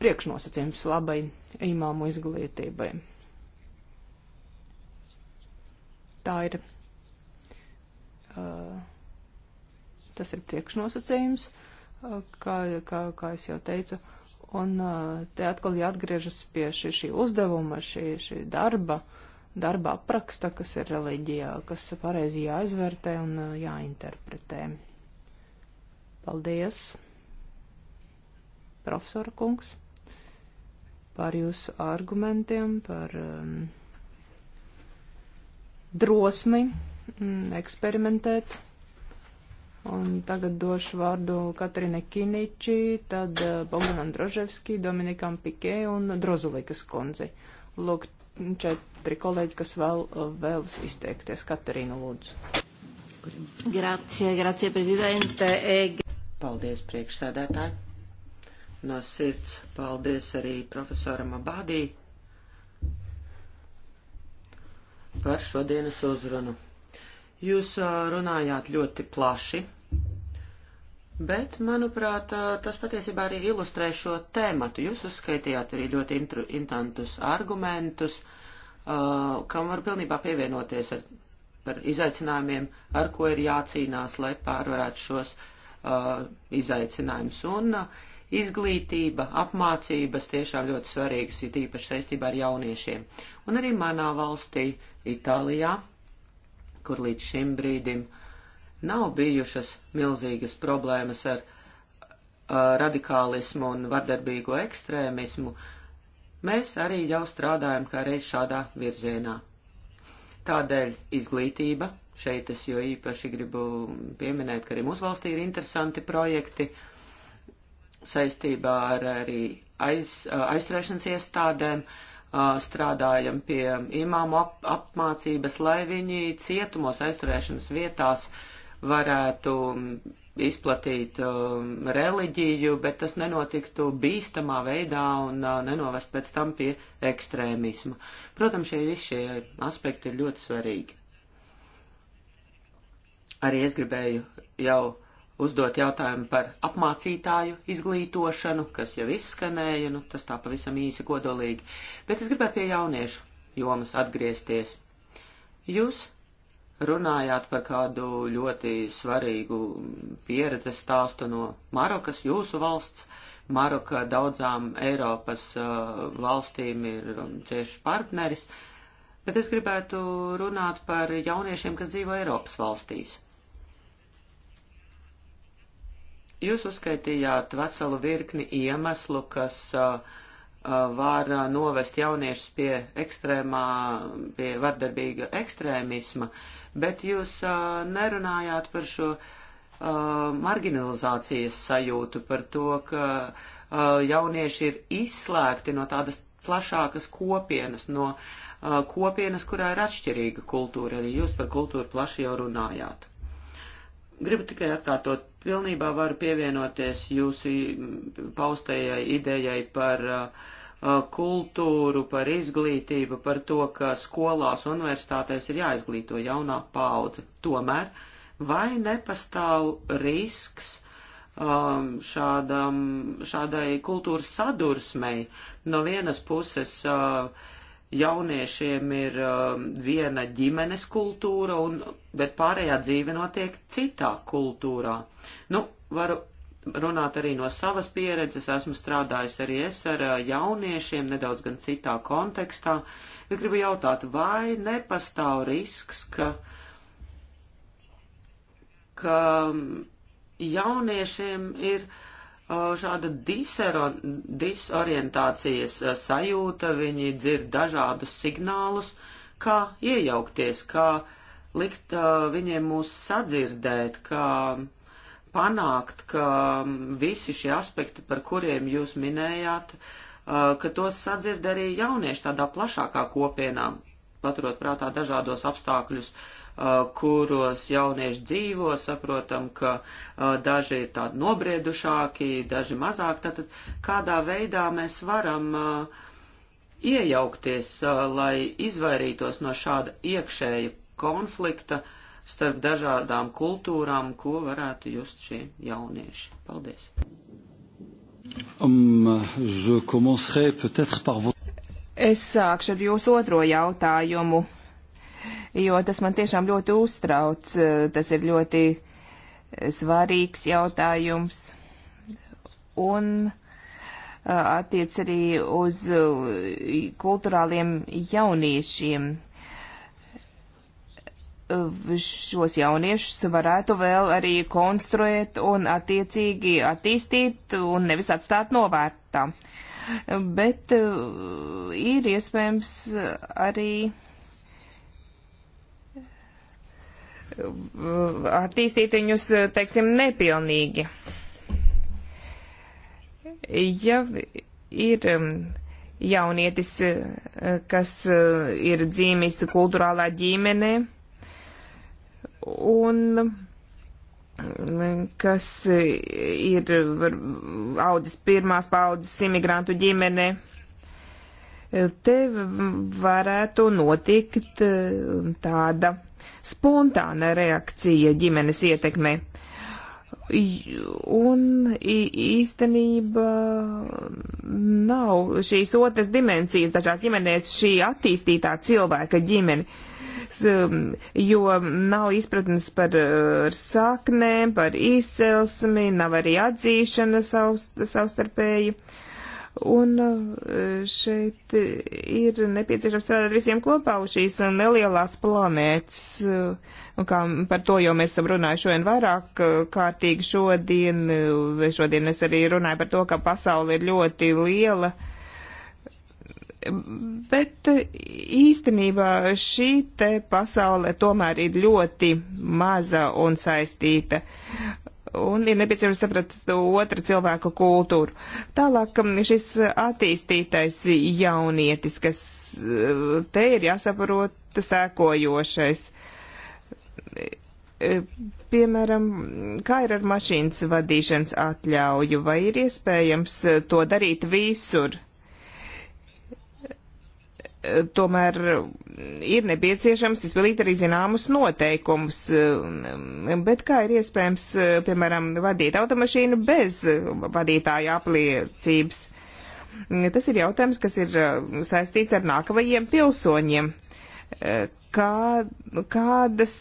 priekšnosacījums labai imāmu izglītībai. Tā ir. Uh, tas ir priekšnosacījums, kā, uh, kā, kā es jau teicu, uh, Un uh, te atkal jāatgriežas pie šī, šī uzdevuma, šī, šī darba, darba apraksta, kas ir reliģijā, kas pareizi jāizvērtē un uh, jāinterpretē. Paldies, profesora kungs, par jūsu argumentiem, par um, drosmi um, eksperimentēt Un tagad došu vārdu Katrine Kiniči, tad eh, Bogdanam Droževski, Dominikam Pikē un Drozulikas kundzi. Lūk, četri kolēģi, kas vēl eh, vēlas izteikties. Katrīna, lūdzu. Grazie, grazie, prezidente. E paldies, priekšsēdētāji. No sirds paldies arī profesoram Abādī par šodienas uzrunu. Jūs runājāt ļoti plaši, bet, manuprāt, tas patiesībā arī ilustrē šo tēmatu. Jūs uzskaitījāt arī ļoti interesantus argumentus, kam var pilnībā pievienoties ar, par izaicinājumiem, ar ko ir jācīnās, lai pārvarētu šos izaicinājumus. Un izglītība, apmācības tiešām ļoti svarīgas, ir tīpaši saistībā ar jauniešiem. Un arī manā valstī, Itālijā, kur līdz šim brīdim nav bijušas milzīgas problēmas ar uh, radikālismu un vardarbīgo ekstrēmismu, mēs arī jau strādājam kā reiz šādā virzienā. Tādēļ izglītība, šeit es jo īpaši gribu pieminēt, ka arī mūsu valstī ir interesanti projekti saistībā ar arī aiz, aizturēšanas iestādēm, uh, strādājam pie imāmu ap apmācības, lai viņi cietumos aizturēšanas vietās varētu izplatīt um, reliģiju, bet tas nenotiktu bīstamā veidā un uh, nenovest pēc tam pie ekstrēmisma. Protams, šie visi šie aspekti ir ļoti svarīgi. Arī es gribēju jau uzdot jautājumu par apmācītāju izglītošanu, kas jau izskanēja, nu tas tā pavisam īsi kodolīgi, bet es gribētu pie jauniešu jomas atgriezties. Jūs runājāt par kādu ļoti svarīgu pieredzes stāstu no Marokas, jūsu valsts. Maroka daudzām Eiropas uh, valstīm ir um, cieši partneris, bet es gribētu runāt par jauniešiem, kas dzīvo Eiropas valstīs. Jūs uzskaitījāt veselu virkni iemeslu, kas uh, var novest jauniešus pie ekstrēmā, pie vardarbīga ekstrēmisma, bet jūs uh, nerunājāt par šo uh, marginalizācijas sajūtu, par to, ka jaunieši ir izslēgti no tādas plašākas kopienas, no kopienas, kurā ir atšķirīga kultūra. Arī jūs par kultūru plaši jau runājāt gribu tikai atkārtot pilnībā varu pievienoties jūsu paustajai idejai par uh, uh, kultūru, par izglītību, par to, ka skolās, universitātēs ir jāizglīto jaunā paudze. Tomēr, vai nepastāv risks um, šādam, šādai kultūras sadursmei no vienas puses uh, jauniešiem ir um, viena ģimenes kultūra, un, bet pārējā dzīve notiek citā kultūrā. Nu, varu runāt arī no savas pieredzes, esmu strādājis arī es ar uh, jauniešiem, nedaudz gan citā kontekstā, bet gribu jautāt, vai nepastāv risks, ka, ka um, jauniešiem ir uh, šāda disero, disorientācijas e, sajūta, viņi dzird dažādus signālus, kā iejaukties, kā likt e, viņiem mūs sadzirdēt, kā panākt, ka visi šie aspekti, par kuriem jūs minējāt, e, ka tos sadzird arī jaunieši tādā plašākā kopienā, paturot prātā dažādos apstākļus, uh, kuros jaunieši dzīvo, saprotam, ka daži ir tādi nobriedušāki, daži mazāk. Tātad kādā veidā mēs varam iejaukties, lai izvairītos no šāda iekšēja konflikta starp dažādām kultūrām, ko varētu just šie jaunieši. Paldies! Um, je commencerai peut-être par vos... Es sākšu ar jūsu otro jautājumu jo tas man tiešām ļoti uztrauc. Tas ir ļoti svarīgs jautājums. Un attiec arī uz kulturāliem jauniešiem šos jauniešus varētu vēl arī konstruēt un attiecīgi attīstīt un nevis atstāt novērtā. Bet ir iespējams arī attīstīt viņus, teiksim, nepilnīgi. Ja ir um, jaunietis, uh, kas uh, ir dzīvis kultūrālā ģimenē, un kas ir audzis pirmās paudzes imigrantu ģimene, te varētu notikt e, tāda spontāna reakcija ģimenes ietekmē. Un īstenība nav šīs otras dimensijas dažās ģimenēs šī attīstītā cilvēka ģimene, um, jo nav izpratnes par uh, saknēm, par izcelsmi, nav arī atzīšana savs, savstarpēji. Uh, Un uh, šeit ir nepieciešams strādāt visiem kopā uz šīs nelielās planētas. Uh, un kā par to jau mēs esam runājuši šodien vairāk uh, kārtīgi šodien. Šodien es arī runāju par to, ka pasaule ir ļoti liela. Bet īstenībā šī te pasaule tomēr ir ļoti maza un saistīta un ir nepieciešams saprast otra cilvēka kultūru. Tālāk um, šis attīstītais jaunietis, kas uh, te ir jāsaprot sēkojošais. Uh, piemēram, kā ir ar mašīnas vadīšanas atļauju, vai ir iespējams uh, to darīt visur? tomēr ir nepieciešams izpildīt arī zināmus noteikumus, bet kā ir iespējams, piemēram, vadīt automašīnu bez vadītāja apliecības? Tas ir jautājums, kas ir uh, saistīts ar nākamajiem pilsoņiem. Uh, kā, nu, kādas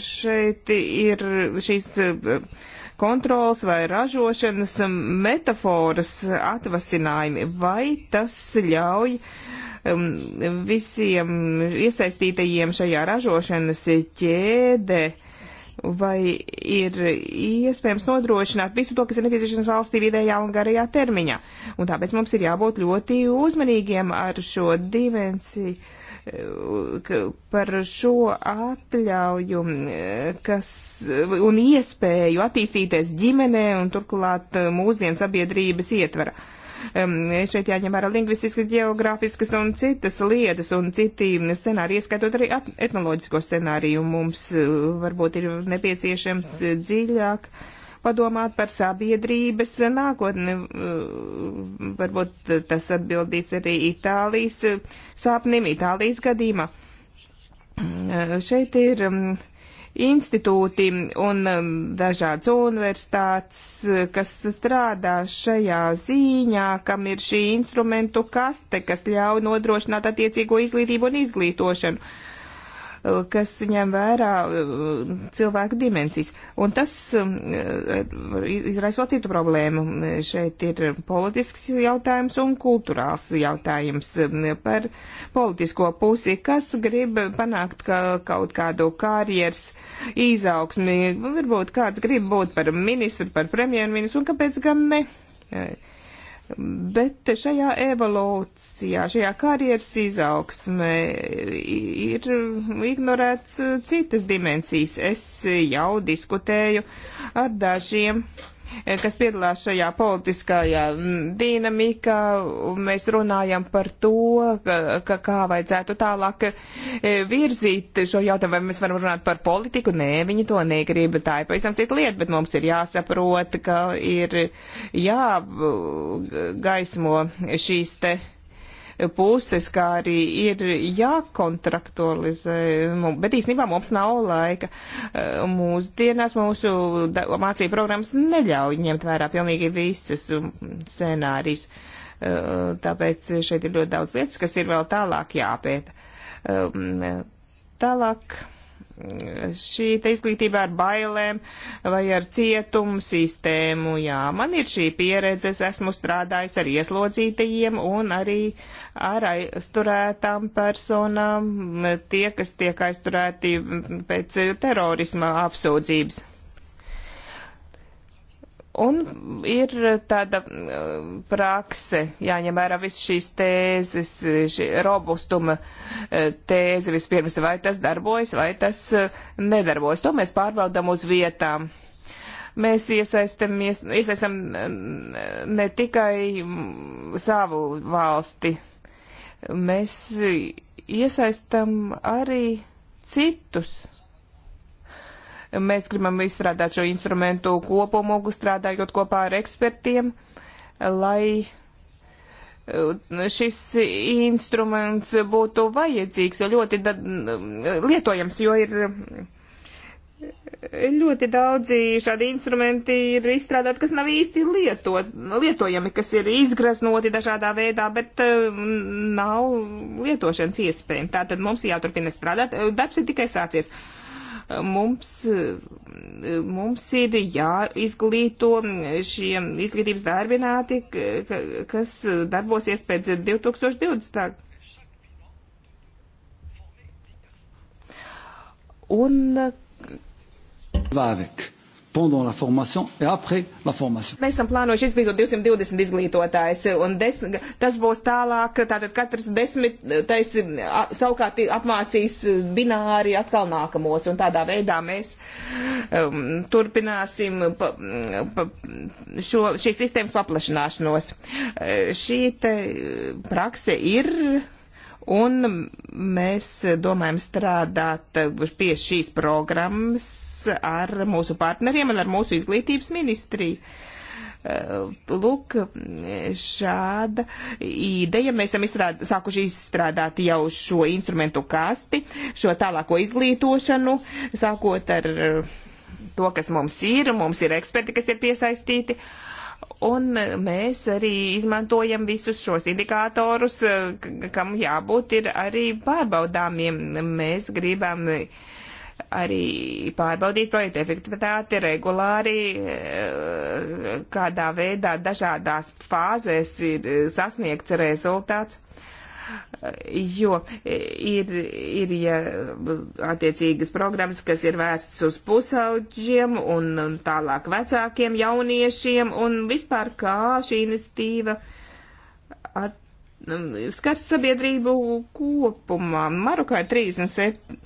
šeit ir šīs eh, kontrols vai ražošanas metaforas atvasinājumi, vai tas ļauj um, visiem iesaistītajiem šajā ražošanas ķēdē, vai ir iespējams nodrošināt visu to, kas ir nepieciešams valstī vidējā un garajā termiņā. Un tāpēc mums ir jābūt ļoti uzmanīgiem ar šo dimensiju par šo atļauju kas, un iespēju attīstīties ģimenē un turklāt eh, mūsdienu sabiedrības ietvara. Šeit jāņem vērā lingvistiskas, geogrāfiskas un citas lietas un citi scenāriji, ieskaitot arī etnoloģisko scenāriju. Mums eh, varbūt ir nepieciešams eh, dziļāk. Uh, padomāt par sabiedrības nākotni. Uh, varbūt tas atbildīs arī Itālijas uh, sāpnim, Itālijas gadījumā. Uh, šeit ir um, institūti un um, dažādas universitātes, kas strādā šajā ziņā, kam ir šī instrumentu kaste, kas ļauj nodrošināt attiecīgo izglītību un izglītošanu kas ņem vērā uh, cilvēku dimensijas. Un tas um, uh, izraisot citu problēmu. Šeit ir politisks jautājums un kulturāls jautājums um, par politisko pusi, kas grib panākt ka kaut kādu karjeras izaugsmi. Varbūt kāds grib būt par ministru, par premjerministru, un kāpēc gan ne? Bet šajā evolūcijā, šajā karjeras izaugsmē ir ignorēts citas dimensijas. Es jau diskutēju ar dažiem uh, Eh, kas piedalās šajā politiskajā mm, dinamikā. Mēs runājam par to, ka, kā vajadzētu tālāk eh, virzīt šo jautājumu, vai mēs varam runāt par politiku. Nē, viņi to negrib. Tā ir pavisam cita lieta, bet mums ir jāsaprot, ka ir jāgaismo šīs te puses, kā arī ir jākontraktualizē, bet īstenībā mums nav laika. Eh, mūsdienās mūsu mācību programmas neļauj ņemt vērā pilnīgi visus um, scenārijus. Eh, tāpēc šeit ir ļoti daudz lietas, kas ir vēl tālāk jāpēta. Eh, tālāk šī te izglītība ar bailēm vai ar cietumu sistēmu. Jā, man ir šī pieredze, es esmu strādājis ar ieslodzītajiem un arī ar aizturētām personām, tie, kas tiek aizturēti pēc terorisma apsūdzības. Un ir eh, tāda eh, prakse, jāņem vērā visas šīs tēzes, šī robustuma eh, tēze vispirms, vai tas darbojas, vai tas nedarbojas. To mēs pārbaudām uz vietām. Mēs iesaistamies, iesaistam ne tikai mm, savu valsti, mēs iesaistam arī citus Mēs gribam izstrādāt šo instrumentu kopumu, strādājot kopā ar ekspertiem, lai eh, šis instruments būtu vajadzīgs, ļoti da, lietojams, jo ir eh, ļoti daudzi šādi instrumenti ir izstrādāti, kas nav īsti lietot, lietojami, kas ir izgraznoti dažādā veidā, bet eh, nav lietošanas iespējami. Tātad mums jāturpina strādāt. Darbs ir tikai sācies. Uh, mums, mums ir jāizglīto šie izglītības darbināti, kas darbosies pēc 2020. Un. Vāvek pendant la formation et après la formation. Mēs esam plānojuši izglītot 220 izglītotājs, un des, tas būs tālāk, tātad katrs desmitais savukārt apmācīs bināri atkal nākamos, un tādā veidā mēs um, turpināsim pa, pa, šo, šīs sistēmas paplašanāšanos. Šī te prakse ir. Un mēs domājam strādāt pie šīs programmas ar mūsu partneriem un ar mūsu izglītības ministriju. Eh, lūk, šāda ideja. Mēs esam izstrād, sākuši izstrādāt jau šo instrumentu kasti, šo tālāko izglītošanu, sākot ar eh, to, kas mums ir. Mums ir eksperti, kas ir piesaistīti. Un mēs arī izmantojam visus šos indikātorus, eh, kam jābūt ir arī pārbaudāmiem. Mēs gribam uh, arī pārbaudīt projektu efektivitāti regulāri, eh, kādā veidā dažādās fāzēs ir sasniegts rezultāts. Jo ir, ir ja attiecīgas programmas, kas ir vērstas uz pusauģiem un, un tālāk vecākiem jauniešiem un vispār kā šī iniciatīva at, nu, skars sabiedrību kopumā. Marokā ir 37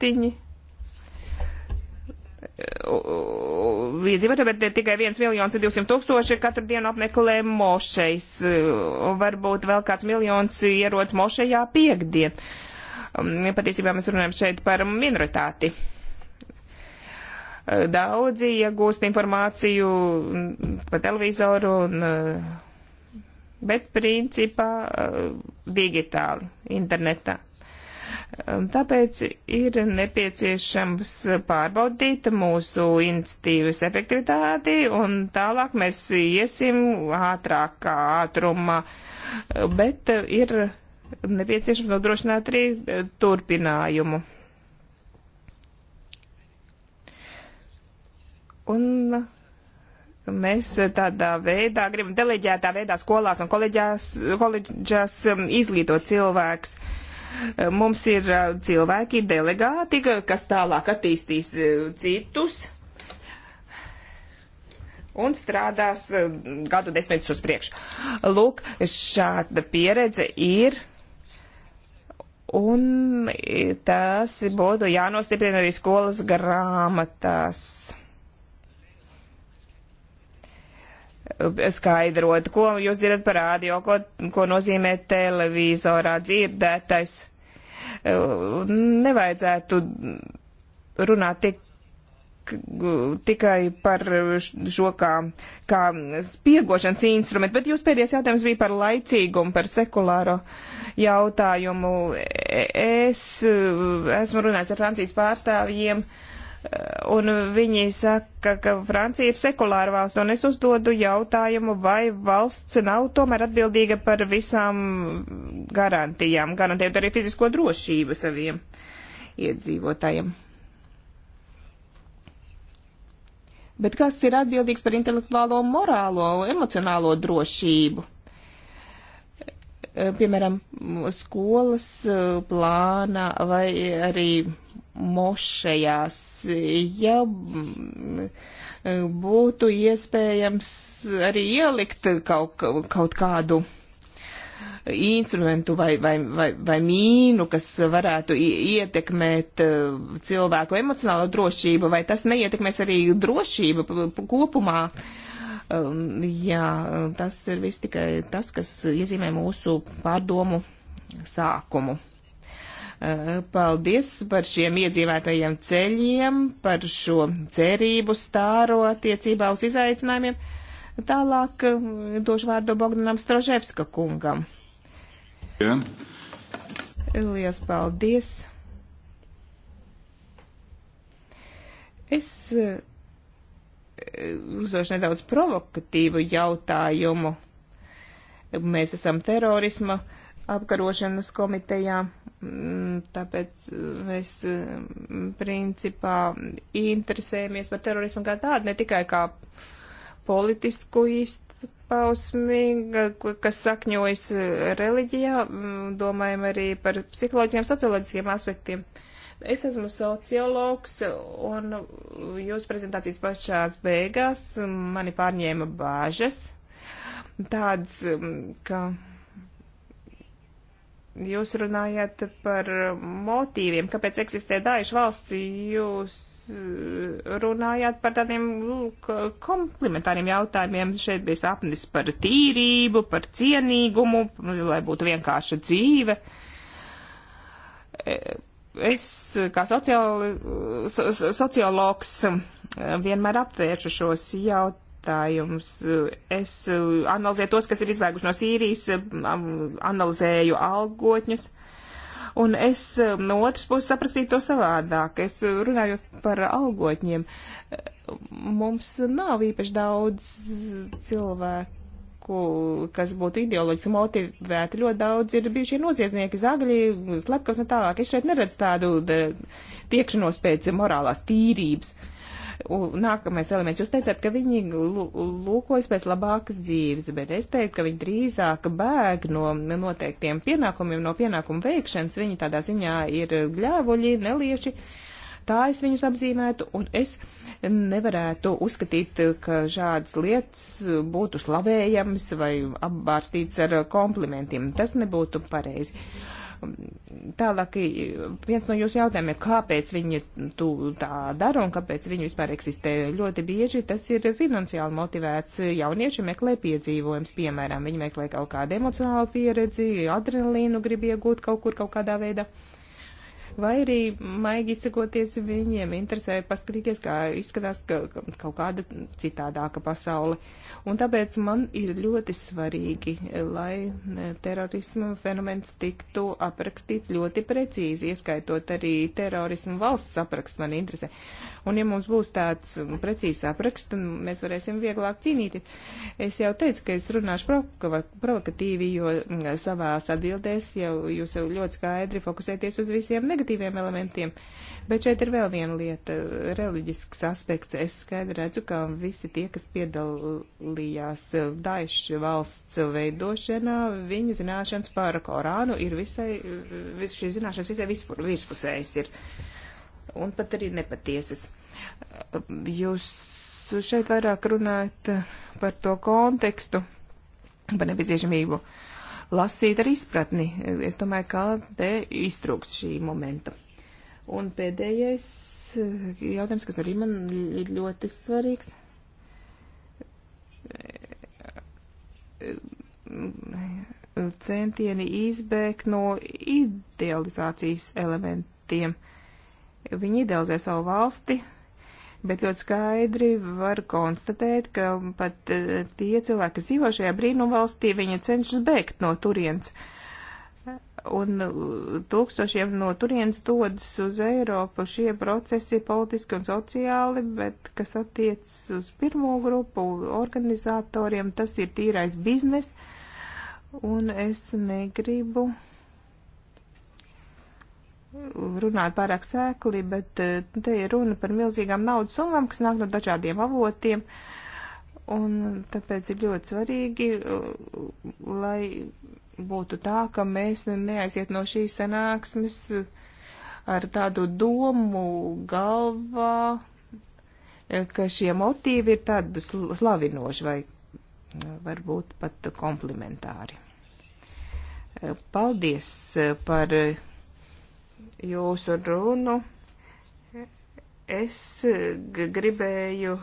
septiņi iedzīvotāji, bet tikai 1 miljons 200 tūkstoši katru dienu apmeklē mošejas. Varbūt vēl kāds miljons ierodas mošejā piekdien. Um, patiesībā mēs runājam šeit par minoritāti. Daudzi iegūst informāciju pa televizoru, un, uh, bet principā uh, digitāli, internetā. Um, tāpēc ir nepieciešams pārbaudīt mūsu institīvas efektivitāti un tālāk mēs iesim ātrākā ātrumā, bet ir nepieciešams nodrošināt arī e, turpinājumu. Un mēs tādā veidā gribam deleģētā veidā skolās un koledžās, koledžās um, izglītot cilvēks. Uh, Mums ir cilvēki, delegāti, kas tālāk attīstīs citus un strādās gadu desmitus uz priekšu. Lūk, šāda pieredze ir. Un tas būtu jānostiprina arī skolas grāmatās. skaidrot, ko jūs dzirdat par rādio, ko, ko nozīmē televīzorā dzirdētais. Uh, nevajadzētu runāt tik tikai par šo kā, kā spiegošanas instrumentu, bet jūs pēdējais jautājums bija par laicīgumu, par sekulāro jautājumu. Es uh, esmu runājis ar Francijas pārstāvjiem. Uh, un viņi saka, ka Francija ir sekulāra valsts, un es uzdodu jautājumu, vai valsts nav tomēr atbildīga par visām garantijām, garantējot arī fizisko drošību saviem iedzīvotājiem. Bet kas ir atbildīgs par intelektuālo, morālo, emocionālo drošību? Eh, piemēram, skolas eh, plānā vai arī mošajās, ja mm, eh, būtu iespējams arī ielikt kaut, kaut kādu instrumentu vai, vai, vai, vai mīnu, kas varētu ietekmēt cilvēku emocionālo drošību, vai tas neietekmēs arī drošību kopumā. Uh, Um, jā, tas ir viss tikai tas, kas iezīmē mūsu pārdomu sākumu. Uh, paldies par šiem iedzīvētajiem ceļiem, par šo cerību stāro attiecībā uz izaicinājumiem. Tālāk uh, došu vārdu Bogdanam Stroževska kungam. Jā. Lielas paldies. Es uh, uzdošu nedaudz provokatīvu jautājumu. Mēs esam terorisma apkarošanas komitejā, mm, tāpēc mēs mm, principā interesējamies par terorismu kā tādu, ne tikai kā politisku izpausmi, kas sakņojas reliģijā, mm, domājam arī par psiholoģiskiem, socioloģiskiem aspektiem. Uh, Es esmu sociologs, un jūsu prezentācijas pašās beigās mani pārņēma bāžas. Tāds, mm, ka jūs runājat par motīviem, kāpēc eksistē Daiša valsts, jūs mm, runājāt par tādiem lūk, komplementāriem jautājumiem. Šeit bija sapnis par tīrību, par cienīgumu, lai būtu vienkārša dzīve. E, es kā sociāli, so, sociologs vienmēr apvēršu šos jautājumus. Es analizēju tos, kas ir izbēguši no Sīrijas, analizēju algotņus. Un es no otras puses aprakstīju to savādāk. Es runājot par algotņiem, mums nav īpaši daudz cilvēku cilvēku, kas būtu ideoloģiski motivēti, ļoti daudz ir bijušie noziedznieki, zagļi, slepkavs un tālāk. Es šeit neredzu tādu tiekšanos pēc morālās tīrības. Un nākamais elements. Jūs teicāt, ka viņi lūkojas pēc labākas dzīves, bet es teiktu, ka viņi drīzāk bēg no noteiktiem pienākumiem, no pienākumu veikšanas. Viņi tādā ziņā ir gļēvoļi, nelieši. Uh, Tā es viņus apzīmētu, un es nevarētu uzskatīt, ka šādas lietas būtu slavējams vai apbārstīts ar komplimentiem. Tas nebūtu pareizi. Tālāk, viens no jūsu jautājumiem, kāpēc viņi tu tā dara un kāpēc viņi vispār eksistē? Ļoti bieži tas ir finansiāli motivēts. Jaunieši meklē piedzīvojums, piemēram, viņi meklē kaut kādu emocionālu pieredzi, adrenalīnu grib iegūt kaut kur, kaut kādā veidā. Uh, vai arī maigi izsakoties viņiem interesē paskatīties, kā izskatās ka, kaut kāda citādāka pasaule. Un tāpēc man ir ļoti svarīgi, lai e, terorismu fenomens tiktu aprakstīts ļoti precīzi, ieskaitot arī terorismu valsts apraksts man interesē. Un ja mums būs tāds precīzs apraksts, tad mēs varēsim vieglāk cīnīties. Es jau teicu, ka es runāšu provokatīvi, jo savās atbildēs jau jūs jau ļoti skaidri fokusēties uz visiem negatīviem negatīviem elementiem. Bet šeit ir vēl viena lieta - reliģisks aspekts. Es skaidri redzu, ka visi tie, kas piedalījās Daiša valsts veidošanā, viņu zināšanas par Korānu ir visai, vis, šīs zināšanas visai vispur, virspusējas ir. Un pat arī nepatiesas. Jūs šeit vairāk runājat par to kontekstu, par nepieciešamību. Uh, lasīt ar izpratni. Es domāju, kā te iztrūkst šī momenta. Un pēdējais eh, jautājums, kas arī man ir ļoti svarīgs. Eh, centieni izbēgt no idealizācijas elementiem. Viņi idealizē savu valsti, bet ļoti skaidri var konstatēt, ka pat eh, tie cilvēki, kas dzīvo šajā brīnumvalstī, viņi cenšas bēgt no turienes. Un eh, tūkstošiem no turienes dodas uz Eiropu. Šie procesi ir politiski un sociāli, bet kas attiec uz pirmo grupu organizatoriem, tas ir tīrais biznes. Un es negribu runāt pārāk sēkli, bet eh, te ir runa par milzīgām naudas summām, kas nāk no dažādiem avotiem. Un tāpēc ir ļoti svarīgi, eh, lai būtu tā, ka mēs neaiziet no šīs sanāksmes eh, ar tādu domu galvā, ka šie motīvi ir tādi slavinoši vai varbūt pat komplementāri. Paldies par jūsu runu. Es gribēju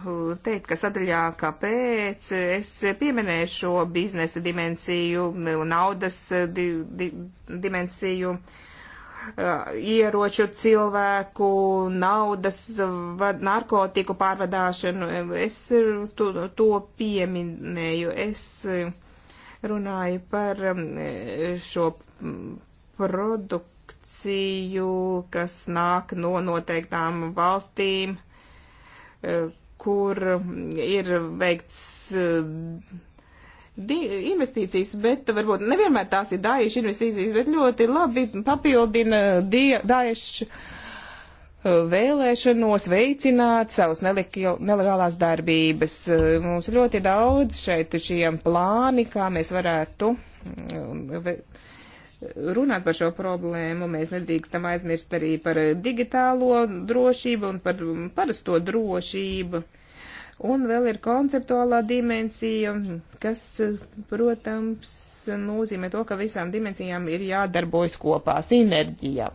teikt, ka sadaļā kāpēc es pieminēju šo biznesa dimensiju, naudas di di dimensiju, ieroču cilvēku, naudas, narkotiku pārvadāšanu. Es to, to pieminēju. Es runāju par šo produktu produkciju, kas nāk no noteiktām valstīm, e, kur ir veikts e, investīcijas, bet varbūt nevienmēr tās ir dāiešu investīcijas, bet ļoti labi papildina dāiešu e, vēlēšanos veicināt savus nelegālās darbības. Mums ļoti daudz šeit šiem plāni, kā mēs varētu mm, runāt par šo problēmu. Mēs nedrīkstam aizmirst arī par digitālo drošību un par parasto drošību. Uh, Un vēl ir konceptuālā dimensija, kas, protams, nozīmē to, ka visām dimensijām ir jādarbojas kopā, sinerģijā.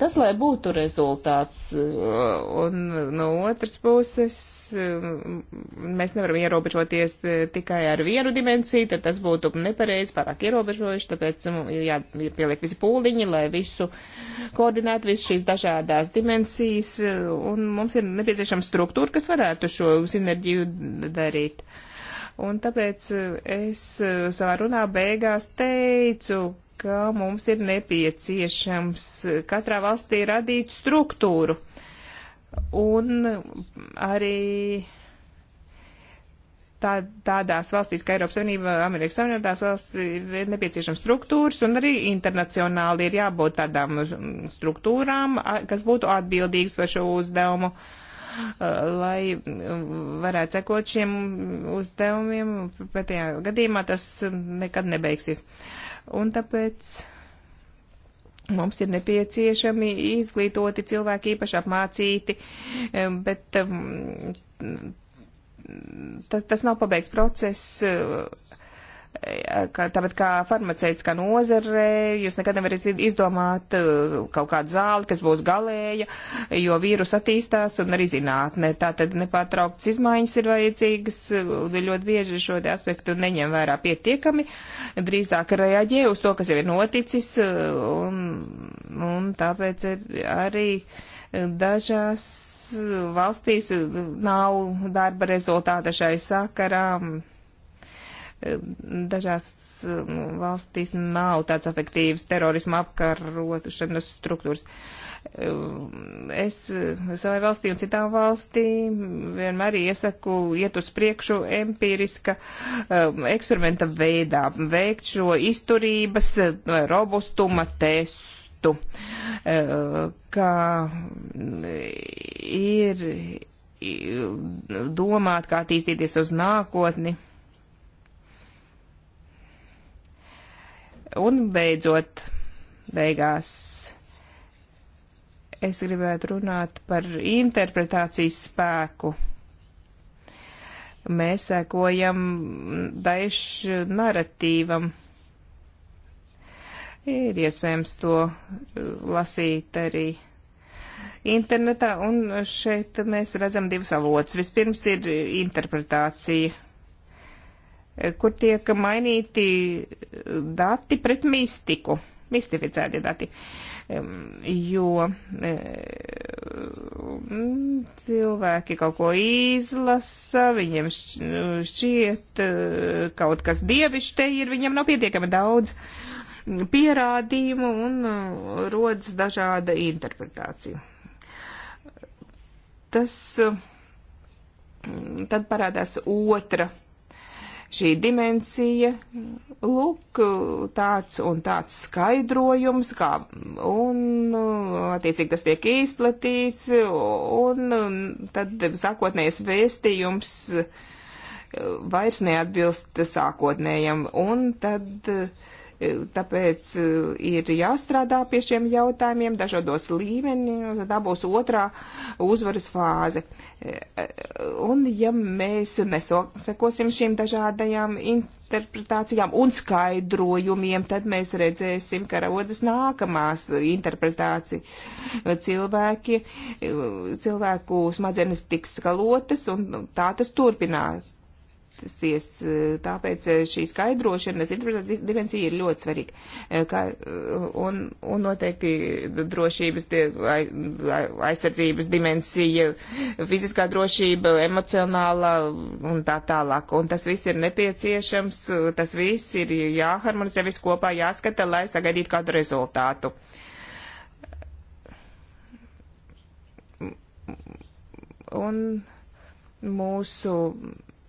Tas, lai būtu rezultāts, un no otras puses, mēs nevaram ierobežoties tikai ar vienu dimensiju, tad tas būtu nepareizi, pārāk ierobežojuši, tāpēc nu, ir jāpieliek visi pūliņi, lai visu koordinētu, visas šīs dažādās dimensijas, un mums ir nepieciešama struktūra, kas varētu šo sinerģiju darīt. Un tāpēc eh, es eh, savā runā beigās teicu, ka mums ir nepieciešams eh, katrā valstī radīt struktūru. Un arī tā, tādās valstīs kā Eiropas Savienība, Amerikas Savienotās valsts ir nepieciešams struktūras un arī internacionāli ir jābūt tādām mm, struktūrām, kas būtu atbildīgas par šo uzdevumu. Uh, lai varētu sekot šiem uzdevumiem. Pretējā gadījumā tas nekad nebeigsies. Un tāpēc. Mums ir nepieciešami izglītoti cilvēki, īpaši apmācīti, bet um, tas nav pabeigts process Kā, tāpat kā farmaceitiskā nozare, jūs nekad nevarat izdomāt uh, kaut kādu zāli, kas būs galēja, jo vīrus attīstās un arī zinātnē. Tātad nepārtrauktas izmaiņas ir vajadzīgas, uh, ļoti bieži šo aspektu neņem vērā pietiekami, drīzāk reaģē uz to, kas jau ir noticis, uh, un, un tāpēc arī dažās valstīs nav darba rezultāta šai sakarām Dažās um, valstīs nav tāds efektīvs terorisma apkarošanas struktūras. Um, es savai valstī un citām valstīm vienmēr iesaku iet uz priekšu empiriska um, eksperimenta veidā, veikt šo izturības robustuma testu citu, uh, ka ir domāt, kā attīstīties uz nākotni. Un beidzot, beigās es gribētu runāt par interpretācijas spēku. Mēs sekojam daišu naratīvam. Ir iespējams to uh, lasīt arī internetā, un šeit mēs redzam divus avotus. Vispirms ir interpretācija Eh, kur tiek mainīti eh, dati pret mistiku, mistificēti dati. Jo eh, mm, cilvēki kaut ko izlasa, viņiem šķiet kaut kas dievišķi te ir, viņiem nav pietiekami daudz mm, pierādījumu un rodas dažāda interpretācija. Tas mm, tad parādās otra šī dimensija, lūk, tāds un tāds skaidrojums, kā, un, attiecīgi, tas tiek izplatīts, un tad sākotnējais vēstījums eh, vairs neatbilst sākotnējam, un tad uh, E, tāpēc e, ir jāstrādā pie šiem jautājumiem dažādos līmeņos, tā būs otrā uzvaras fāze. E, un ja mēs nesekosim šīm dažādajām interpretācijām un skaidrojumiem, tad mēs redzēsim, ka rodas nākamās interpretācija. Cilvēki, cilvēku smadzenes tiks skalotas un tā tas turpinās veiksies. Eh, tāpēc eh, šī skaidrošanas dimensija ir ļoti svarīga. Eh, Kā, un, un noteikti drošības, aizsardzības dimensija, fiziskā drošība, emocionālā un tā tālāk. Un tas viss ir nepieciešams, tas viss ir jāharmonizē, viss kopā jāskata, lai sagaidītu kādu rezultātu. Un mūsu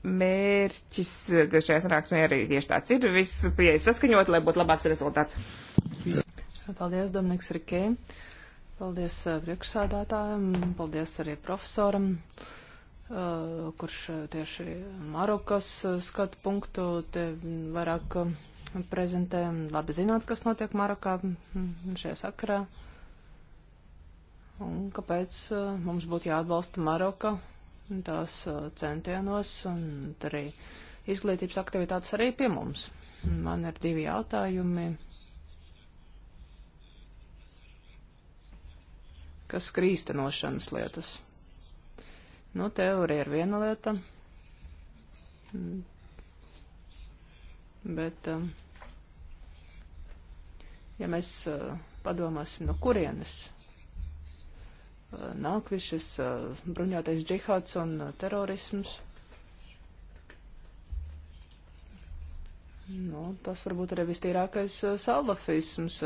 mērķis, ka šajā sanāksmē arī tieši tāds ir. Viss pieejas saskaņot, lai būtu labāks rezultāts. Paldies, Dominiks Rikē. Paldies uh, priekšsādātājiem, paldies arī profesoram, uh, kurš uh, tieši Marokas skatu punktu te vairāk prezentē. Labi zināt, kas notiek Marokā mm, šajā sakarā. Un kāpēc mums būtu jāatbalsta Maroka tās uh, centienos un arī izglītības aktivitātes arī pie mums. Man ir divi jautājumi, kas ir īstenošanas lietas. Nu, teorija ir viena lieta, bet, um, ja mēs uh, padomāsim, no kurienes nāk viss šis bruņotais džihāds un terorisms. Nu, tas varbūt arī vistīrākais salafisms.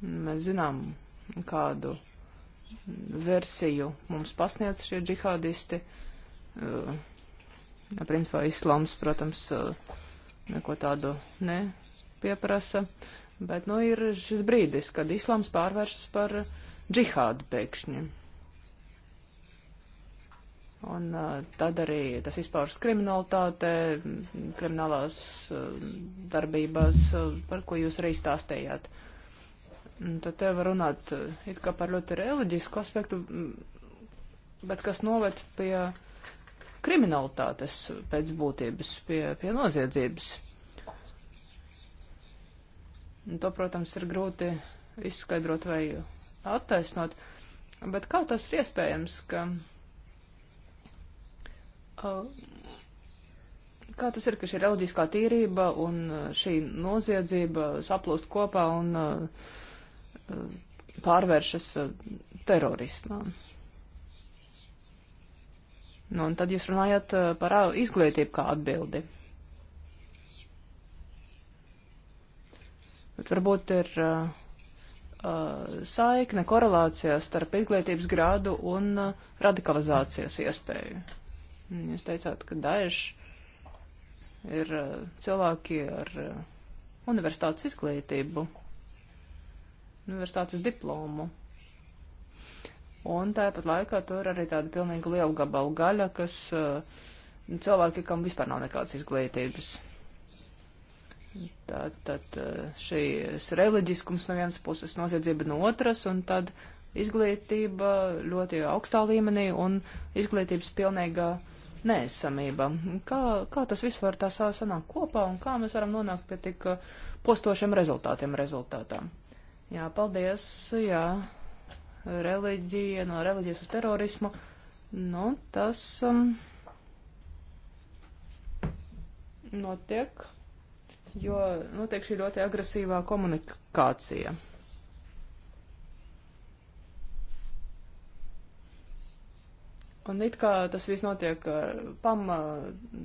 Mēs zinām, kādu versiju mums pasniedz šie džihādisti. Principā islāms, protams, neko tādu ne pieprasa, bet nu ir šis brīdis, kad islāms pārvēršas par džihādu pēkšņi. Un tad arī tas izpaužas kriminalitātē, kriminālās darbībās, par ko jūs arī stāstījāt. Tad te var runāt it kā par ļoti reliģisku aspektu, bet kas noved pie kriminalitātes pēc būtības, pie, pie noziedzības. Un to, protams, ir grūti izskaidrot vai attaisnot. Bet kā tas ir iespējams, ka. Uh, kā tas ir, ka šī reliģiskā tīrība un uh, šī noziedzība saplūst kopā un uh, uh, pārvēršas uh, terorismā? Nu, un tad jūs runājat uh, par izglītību kā atbildi. Bet varbūt ir uh, uh, saikne, korelācijā starp izglītības grādu un uh, radikalizācijas iespēju. Jūs teicāt, ka daži ir uh, cilvēki ar uh, universitātes izglītību, universitātes diplomu. Un tāpat laikā tur arī tāda pilnīgi liela gabala gaļa, kas uh, cilvēki, kam vispār nav nekādas izglītības. Tad, tad eh, šīs reliģiskums no vienas puses, noziedzība no otras, un tad izglītība ļoti augstā līmenī un izglītības pilnīga neesamība. Kā, kā tas viss var tā sanākt kopā un kā mēs varam nonākt pie tik eh, postošiem rezultātiem rezultātām? Jā, paldies, jā, reliģija, no reliģijas uz terorismu, nu, tas um, notiek jo notiek šī ļoti agresīvā komunikācija. Un it kā tas viss notiek pam, uh,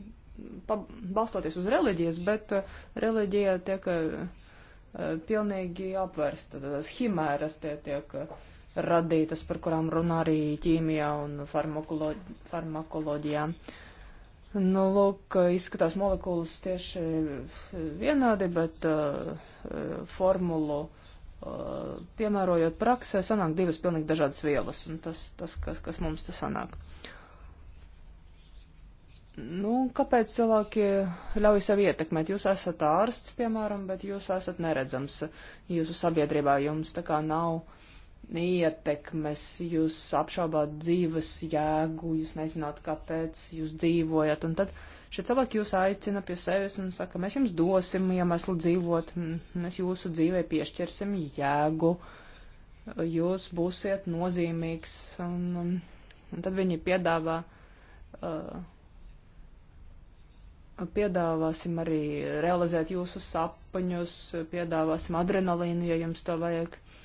pam, balstoties uz reliģijas, bet uh, reliģija tiek uh, pilnīgi apvērsta. Tās himēras tie tiek radītas, par kurām runā arī ķīmijā un farmakoloģijā. Nu, lūk, izskatās molekulas tieši eh, vienādi, bet uh, formulu uh, piemērojot praksē, sanāk divas pilnīgi dažādas vielas, un tas, tas kas, kas mums te sanāk. Nu, kāpēc cilvēki ļauj sevi ietekmēt? Jūs esat ārsts, piemēram, bet jūs esat neredzams jūsu sabiedrībā, jums tā kā nav ietekmes, jūs apšaubāt dzīves jēgu, jūs nezināt, kāpēc jūs dzīvojat. Un tad šie cilvēki jūs aicina pie sevis un saka, mēs jums dosim iemeslu dzīvot, mēs jūsu dzīvē piešķirsim jēgu, jūs būsiet nozīmīgs. Un, un, un tad viņi piedāvā. Uh, Piedāvāsim arī realizēt jūsu sapņus, piedāvāsim adrenalīnu, ja jums to vajag. Uh,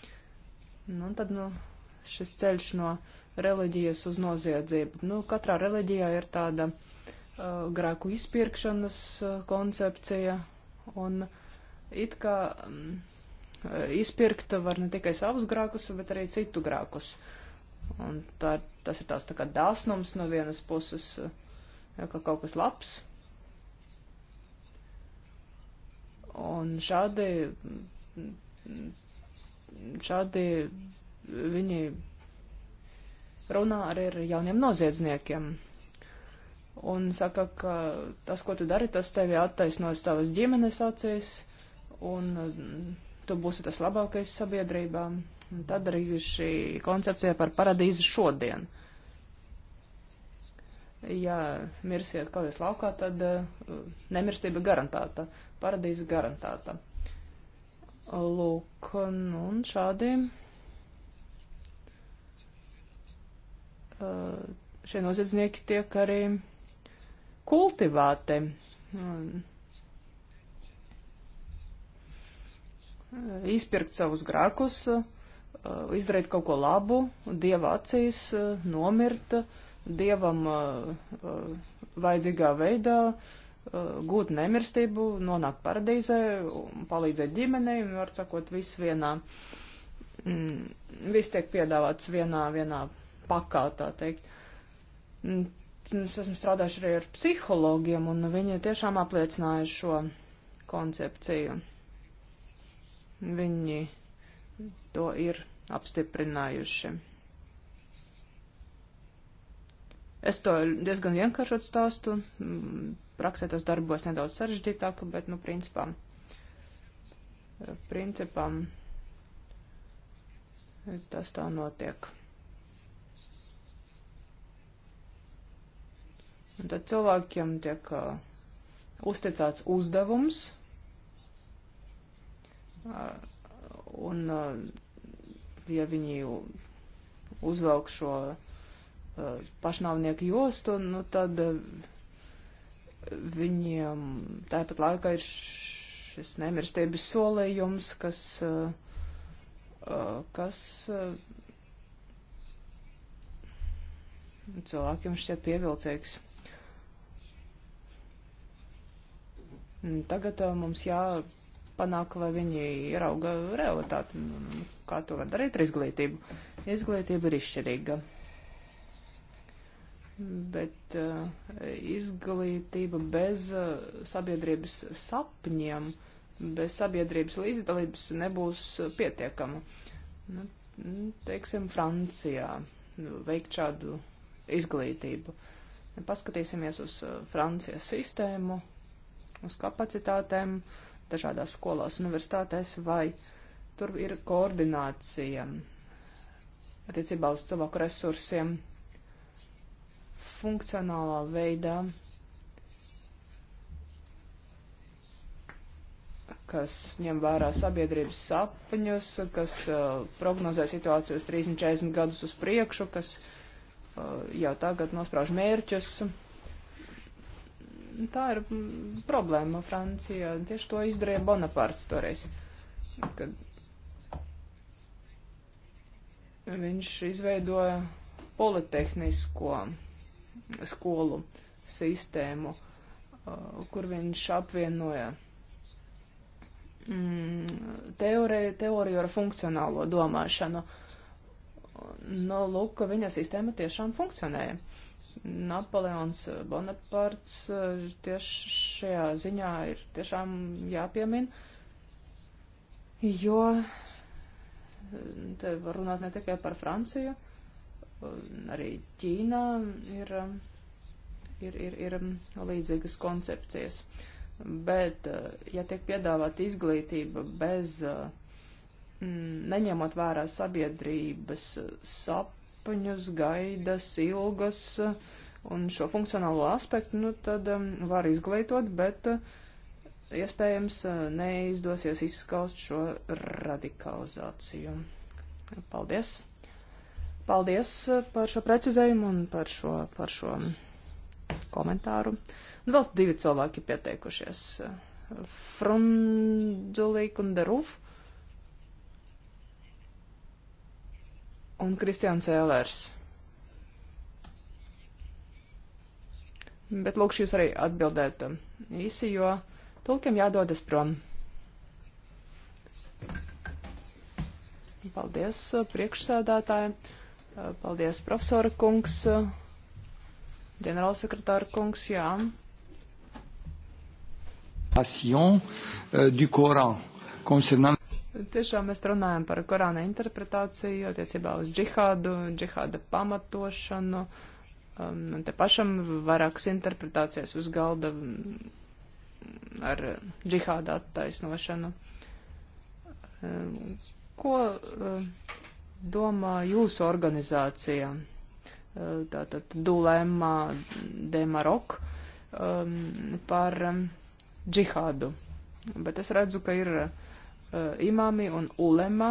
Nu, tad, nu, šis ceļš no reliģijas uz noziedzību. Nu, katrā reliģijā ir tāda uh, grēku izpirkšanas uh, koncepcija, un it kā um, izpirkt var ne tikai savus grēkus, bet arī citu grēkus. Un tā, tas ir tās tā kā dāsnums no vienas puses, uh, ja, ka kaut kas labs. Un šādi mm, šādi viņi runā arī ar jauniem noziedzniekiem. Un saka, ka tas, ko tu dari, tas tevi attaisnos tavas ģimenes acīs, un mm, tu būsi tas labākais sabiedrībā. Un tad arī šī koncepcija par paradīzi šodien. Ja mirsiet kaujas laukā, tad uh, nemirstība garantēta, paradīze garantēta. Lūk, nu, un šādi šie noziedznieki tiek arī kultivēti. Izpirkt savus grēkus, izdarīt kaut ko labu, dieva acīs, nomirt dievam vajadzīgā veidā, Eh, gūt nemirstību, nonākt paradīzē, palīdzēt ģimenei, var sakot, viss vienā, mm, viss tiek piedāvāts vienā, vienā pakā, tā teikt. Mm, es esmu strādājuši arī ar psihologiem, un viņi tiešām apliecināja šo koncepciju. Viņi to ir apstiprinājuši. Es to diezgan vienkāršot stāstu, mm, praksē tas darbos nedaudz sarežģītāk, bet, nu, principā, principā tas tā notiek. Un tad cilvēkiem tiek uh, uzticēts uzdevums, uh, un, uh, ja viņi uzvelk šo uh, pašnāvnieku jostu, nu tad eh, viņiem tāpat laikā ir šis nemirstības solījums, kas, eh, eh, kas cilvēkiem šķiet pievilcīgs. Tagad mums jāpanāk, lai viņi ierauga realitāti, nu, kā to var darīt ar izglītību. Izglītība ir izšķirīga bet uh, izglītība bez uh, sabiedrības sapņiem, bez sabiedrības līdzdalības nebūs uh, pietiekama. Nu, nu, teiksim, Francijā veikt šādu izglītību. Paskatīsimies uz uh, Francijas sistēmu, uz kapacitātēm dažādās skolās, universitātēs, vai tur ir koordinācija attiecībā uz cilvēku resursiem funkcionālā veidā, kas ņem vērā sabiedrības sapņus, kas uh, prognozē situāciju uz 30-40 gadus uz priekšu, kas uh, jau tagad nosprauž mērķus. Tā ir mm, problēma Francijā. Tieši to izdarīja Bonaparts toreiz, kad viņš izveidoja politehnisko skolu sistēmu, uh, kur viņš apvienoja mm, teoriju, teoriju ar funkcionālo domāšanu. Nu, lūk, viņa sistēma tiešām funkcionēja. Napoleons uh, Bonaparts uh, tieši šajā ziņā ir tiešām jāpiemina, jo te var runāt ne tikai par Franciju, Arī Ķīnā ir, ir, ir, ir līdzīgas koncepcijas. Bet, eh, ja tiek piedāvāta izglītība bez, eh, neņemot vērā sabiedrības sapņus, gaidas, ilgas eh, un šo funkcionālo aspektu, nu, tad var izglītot, bet iespējams neizdosies izskaust šo radikalizāciju. Paldies! Paldies eh, par šo precizējumu un par šo, par šo komentāru. Un nu, vēl divi cilvēki pieteikušies. Frunzulīk un Deruf. Un Kristians Ēlērs. Bet lūkšu jūs arī atbildēt eh, īsi, jo tulkiem jādodas prom. Paldies eh, priekšsēdētāji. Eh, paldies, profesora kungs, eh, ģenerālsekretāra kungs, jā. Passion eh, du Coran concernant. Tiešām mēs runājam par Korāna interpretāciju attiecībā uz džihādu, džihāda pamatošanu. Man um, te pašam vairākas interpretācijas uz galda mm, ar džihāda attaisnošanu. Um, ko domā jūsu organizācija? Eh, tātad Dulēmā de Marok um, par um, džihādu. Bet es redzu, ka ir uh, imami un ulema,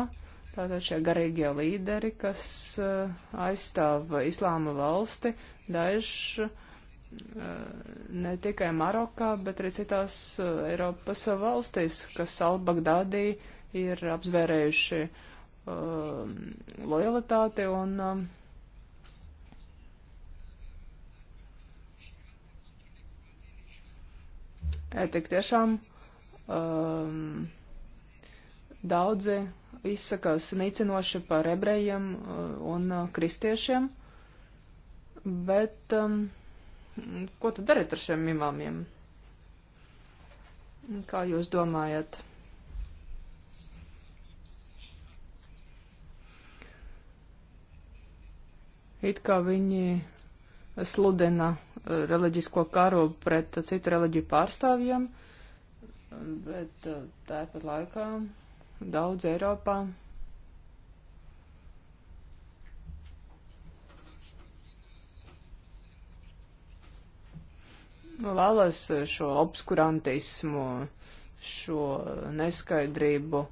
tātad šie garīgie līderi, kas uh, aizstāv islāma valsti, dažs uh, ne tikai Marokā, bet arī citās uh, Eiropas valstīs, kas Albagdādī ir apzvērējuši uh, um, lojalitāti un um, tik tiešām um, daudzi izsakās nicinoši par ebrejiem uh, un uh, kristiešiem, bet um, ko tad darīt ar šiem imāmiem? Kā jūs domājat? it kā viņi sludina eh, reliģisko karu pret citu reliģiju pārstāvjiem, bet eh, tāpat laikā daudz Eiropā vēlas šo obskurantismu, šo neskaidrību.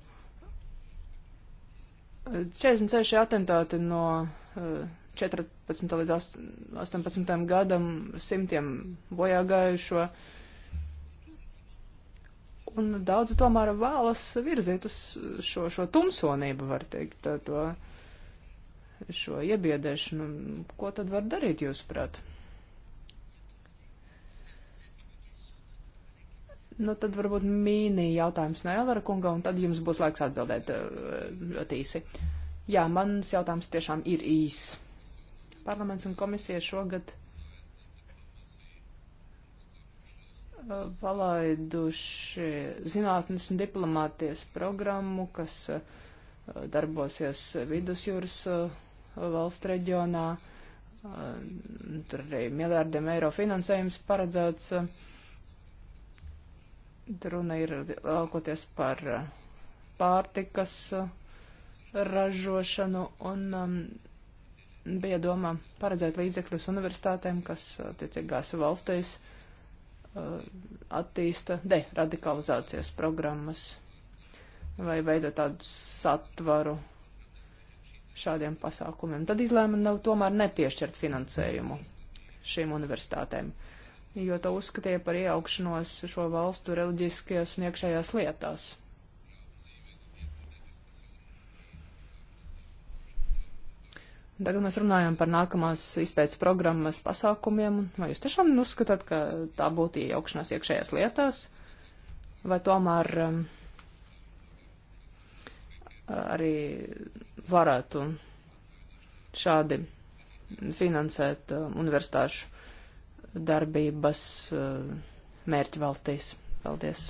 46 eh, atentāti no uh, 14. līdz 18. gadam simtiem bojā gājušo. Un daudz tomēr vēlas virzīt uz šo, šo tumsonību, var teikt, tā, to, šo iebiedēšanu. Ko tad var darīt, jūsuprāt? Nu, tad varbūt mīnī jautājums no Elvara kunga, un tad jums būs laiks atbildēt eh, ļoti īsi. Jā, mans jautājums tiešām ir īss parlaments un komisija šogad uh, palaiduši zinātnes un diplomātijas programmu, kas uh, darbosies vidusjūras uh, valsts reģionā. Tur arī miljārdiem eiro finansējums paredzēts. Runa ir laukoties par pārtikas ražošanu un um, bija domā paredzēt līdzekļus universitātēm, kas attiecīgās eh, valstīs eh, attīsta deradikalizācijas programmas vai veidot tādu satvaru šādiem pasākumiem. Tad izlēma nav tomēr nepiešķirt finansējumu šīm universitātēm, jo to uzskatīja par iejaukšanos šo valstu reliģiskajās un iekšējās lietās. Tagad mēs runājam par nākamās izpētes programmas pasākumiem. Vai jūs tiešām uzskatāt, ka tā būtu iejaukšanās iekšējās lietās? Vai tomēr um, arī varētu šādi finansēt uh, universitāšu darbības uh, mērķi valstīs? Paldies!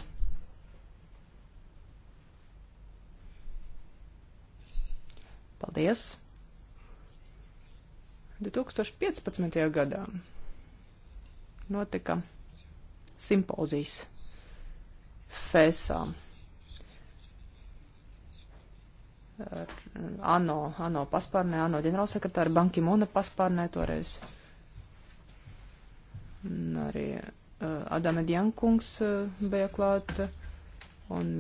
Paldies! 2015. gadā notika simpozijas Fēsā. Ar ANO, ANO paspārnē, ANO ģenerālsekretāra Banki Muna paspārnē toreiz. Un arī uh, Adame Djankungs uh, bija klāt, un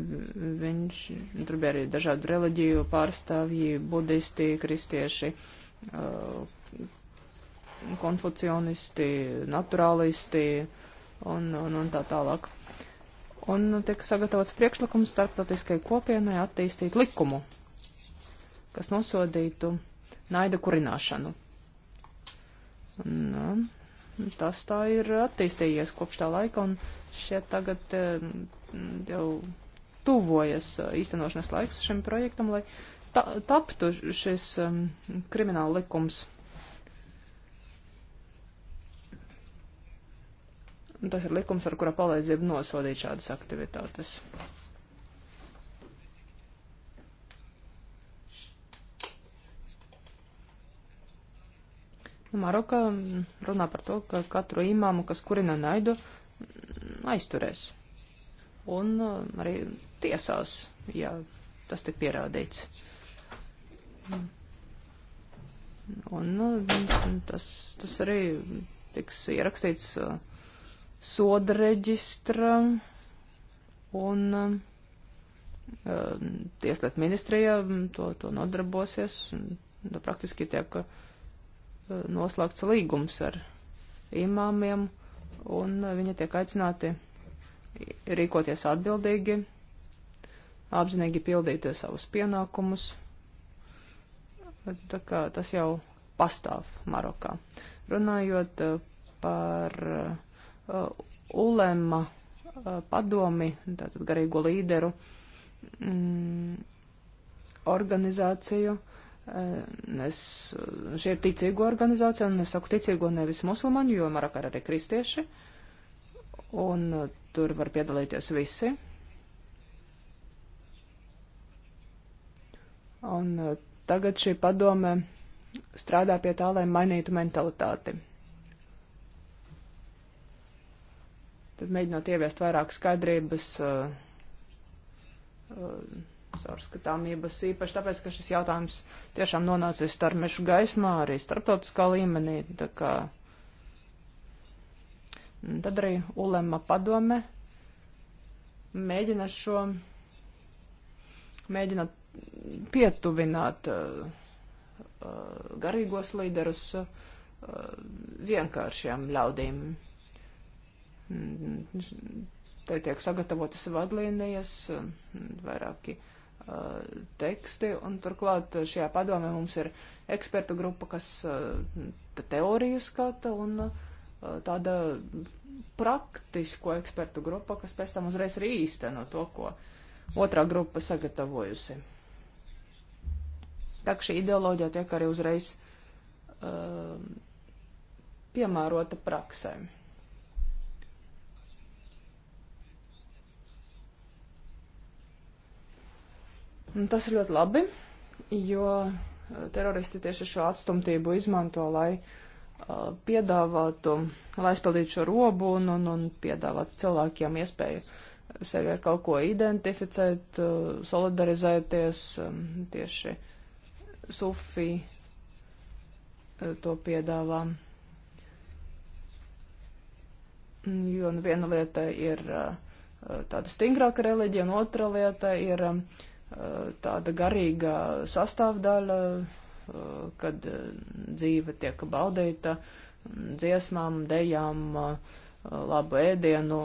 viņš, tur bija arī dažādu reliģiju pārstāvji, budisti, kristieši, uh, konfucionisti, naturālisti un, un, un tā tālāk. Un tiek sagatavots priekšlikums starptautiskai kopienai attīstīt likumu, kas nosodītu naida kurināšanu. Un, un, nu, tas tā ir attīstījies kopš tā laika, un šeit tagad eh, jau tuvojas eh, īstenošanas laiks šim projektam, lai ta, taptu šis um, krimināla likums. Un tas ir likums, ar kura palīdzību nosodīt šādas aktivitātes. Nu, Maroka runā par to, ka katru imāmu, kas kurina naidu, aizturēs. Un um, arī tiesās, ja tas tik pierādīts. Un um, tas, tas arī tiks ierakstīts uh, soda reģistra un uh, tieslietu ministrija mm, to, to nodarbosies. Un nu, praktiski tiek uh, noslēgts līgums ar imāmiem un uh, viņi tiek aicināti rīkoties atbildīgi, apzinīgi pildīt savus pienākumus. Tā kā tas jau pastāv Marokā. Runājot par uh, Uh, ulema uh, padomi, tātad garīgo līderu mm, organizāciju. Uh, es, šie ir ticīgo organizācija, un es saku ticīgo nevis musulmaņu, jo Marakā ir arī kristieši, un tur var piedalīties visi. Un tagad šī padome strādā pie tā, lai mainītu mentalitāti. Tad mēģinot ieviest vairāk skaidrības, uh, uh, caurskatāmības, īpaši tāpēc, ka šis jautājums tiešām nonācis starmešu gaismā, arī starptautiskā līmenī. Tā kā Tad arī Ulema padome mēģina šo, mēģina pietuvināt uh, uh, garīgos līderus uh, vienkāršiem ļaudīm. Te tiek sagatavotas vadlīnijas un vairāki uh, teksti, un turklāt šajā padomē mums ir ekspertu grupa, kas uh, teoriju skata, un uh, tāda praktisko ekspertu grupa, kas pēc tam uzreiz arī īsteno to, ko otrā grupa sagatavojusi. Tā kā šī ideoloģija tiek arī uzreiz uh, piemērota praksēm. Un tas ir ļoti labi, jo eh, teroristi tieši šo atstumtību izmanto, lai uh, piedāvātu, lai aizpildītu šo robu un, un, un piedāvātu cilvēkiem iespēju sevi ar kaut ko identificēt, uh, solidarizēties um, tieši sufi to piedāvā. Mm, jo nu viena lieta ir tāda stingrāka reliģija, un otra lieta ir um, Eh, tāda garīga sastāvdaļa, eh, kad eh, dzīve tiek baudīta dziesmām, dejām, labu ēdienu,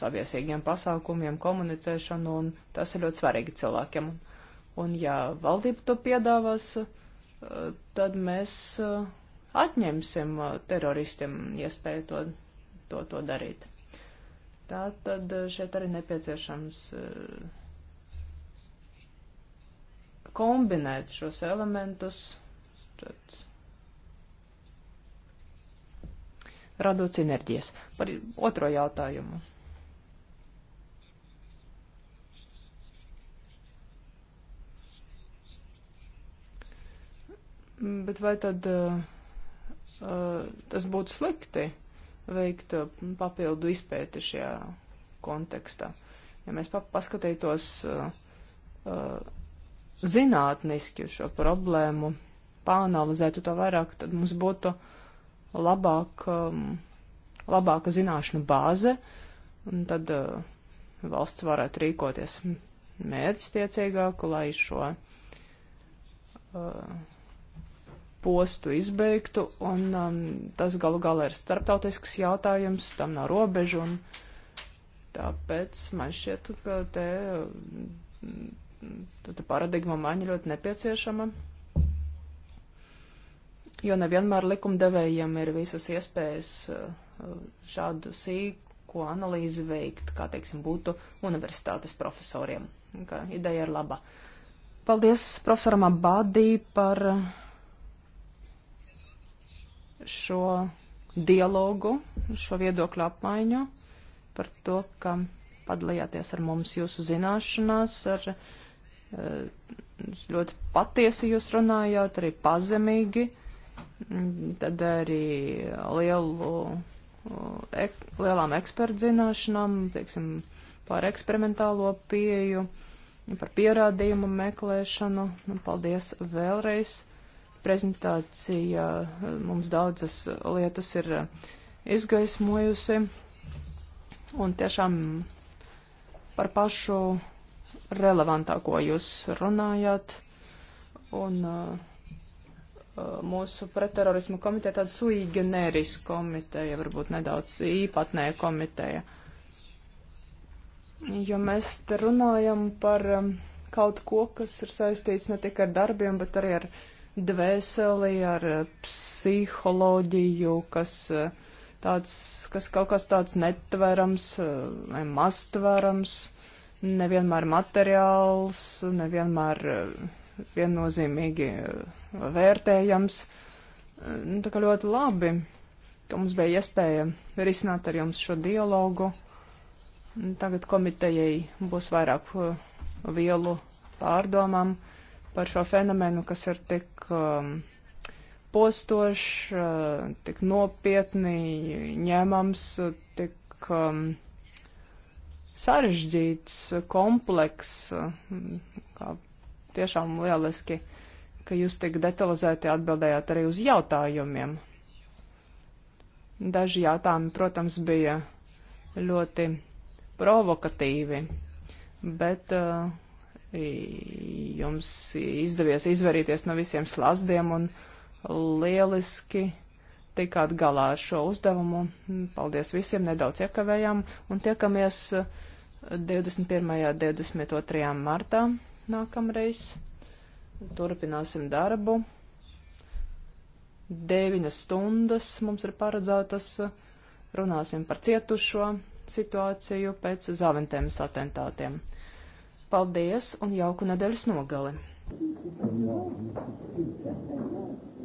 saviesīgiem pasākumiem, komunicēšanu, un tas ir ļoti svarīgi cilvēkiem. Un ja valdība to piedāvās, tad mēs atņemsim teroristiem iespēju to, to, to darīt. Tā tad šeit arī nepieciešams uh, kombinēt šos elementus, tad radot sinerģijas. Par otro jautājumu. Bet vai tad uh, uh tas būtu slikti veikt uh, papildu izpēti šajā kontekstā? Ja mēs paskatītos uh, uh, zinātniski šo problēmu pāanalizētu to vairāk, tad mums būtu labāk, um, labāka zināšanu bāze, un tad uh, valsts varētu rīkoties mērķtiecīgāk, lai šo uh, postu izbeigtu, un um, tas galu galā ir starptautisks jautājums, tam nav robežu, un tāpēc man šķiet, ka te. Uh, tad paradigma maiņa ļoti nepieciešama, jo nevienmēr likumdevējiem ir visas iespējas uh, šādu sīku analīzi veikt, kā, teiksim, būtu universitātes profesoriem. Kā ideja ir laba. Paldies profesoram Abadī par šo dialogu, šo viedokļu apmaiņu, par to, ka padalījāties ar mums jūsu zināšanās, ar ļoti patiesi jūs runājāt, arī pazemīgi, tad arī lielu, ek, lielām ekspertzināšanām, teiksim, par eksperimentālo pieju, par pierādījumu meklēšanu. Nu, paldies vēlreiz. Prezentācija mums daudzas lietas ir izgaismojusi. Un tiešām par pašu relevantāko jūs runājāt. Un uh, uh mūsu pretterorismu komiteja tāda sui generis komiteja, varbūt nedaudz īpatnēja komiteja. Jo mēs te runājam par um, kaut ko, kas ir saistīts ne tikai ar darbiem, bet arī ar dvēseli, ar uh, psiholoģiju, kas uh, tāds, kas kaut kas tāds netverams, nemaztverams. Uh, nevienmēr materiāls, nevienmēr eh, viennozīmīgi eh, vērtējams. Eh, nu, tā kā ļoti labi, ka mums bija iespēja risināt ar jums šo dialogu. Tagad komitejai būs vairāk vielu pārdomām par šo fenomenu, kas ir tik um, postošs, uh, tik nopietni ņēmams, tik um, sarežģīts, eh, komplekss. Eh, tiešām lieliski, ka jūs tik detalizēti atbildējāt arī uz jautājumiem. Daži jautājumi, protams, bija ļoti provokatīvi, bet uh, jums izdevies izvairīties no visiem slazdiem un lieliski uh, tikāt galā ar šo uzdevumu. Paldies visiem, nedaudz iekavējām un tiekamies 21. un 22. martā nākamreiz. Turpināsim darbu. 9 stundas mums ir paredzētas. Runāsim par cietušo situāciju pēc Zaventēmas atentātiem. Paldies un jauku nedēļas nogali! Thank you.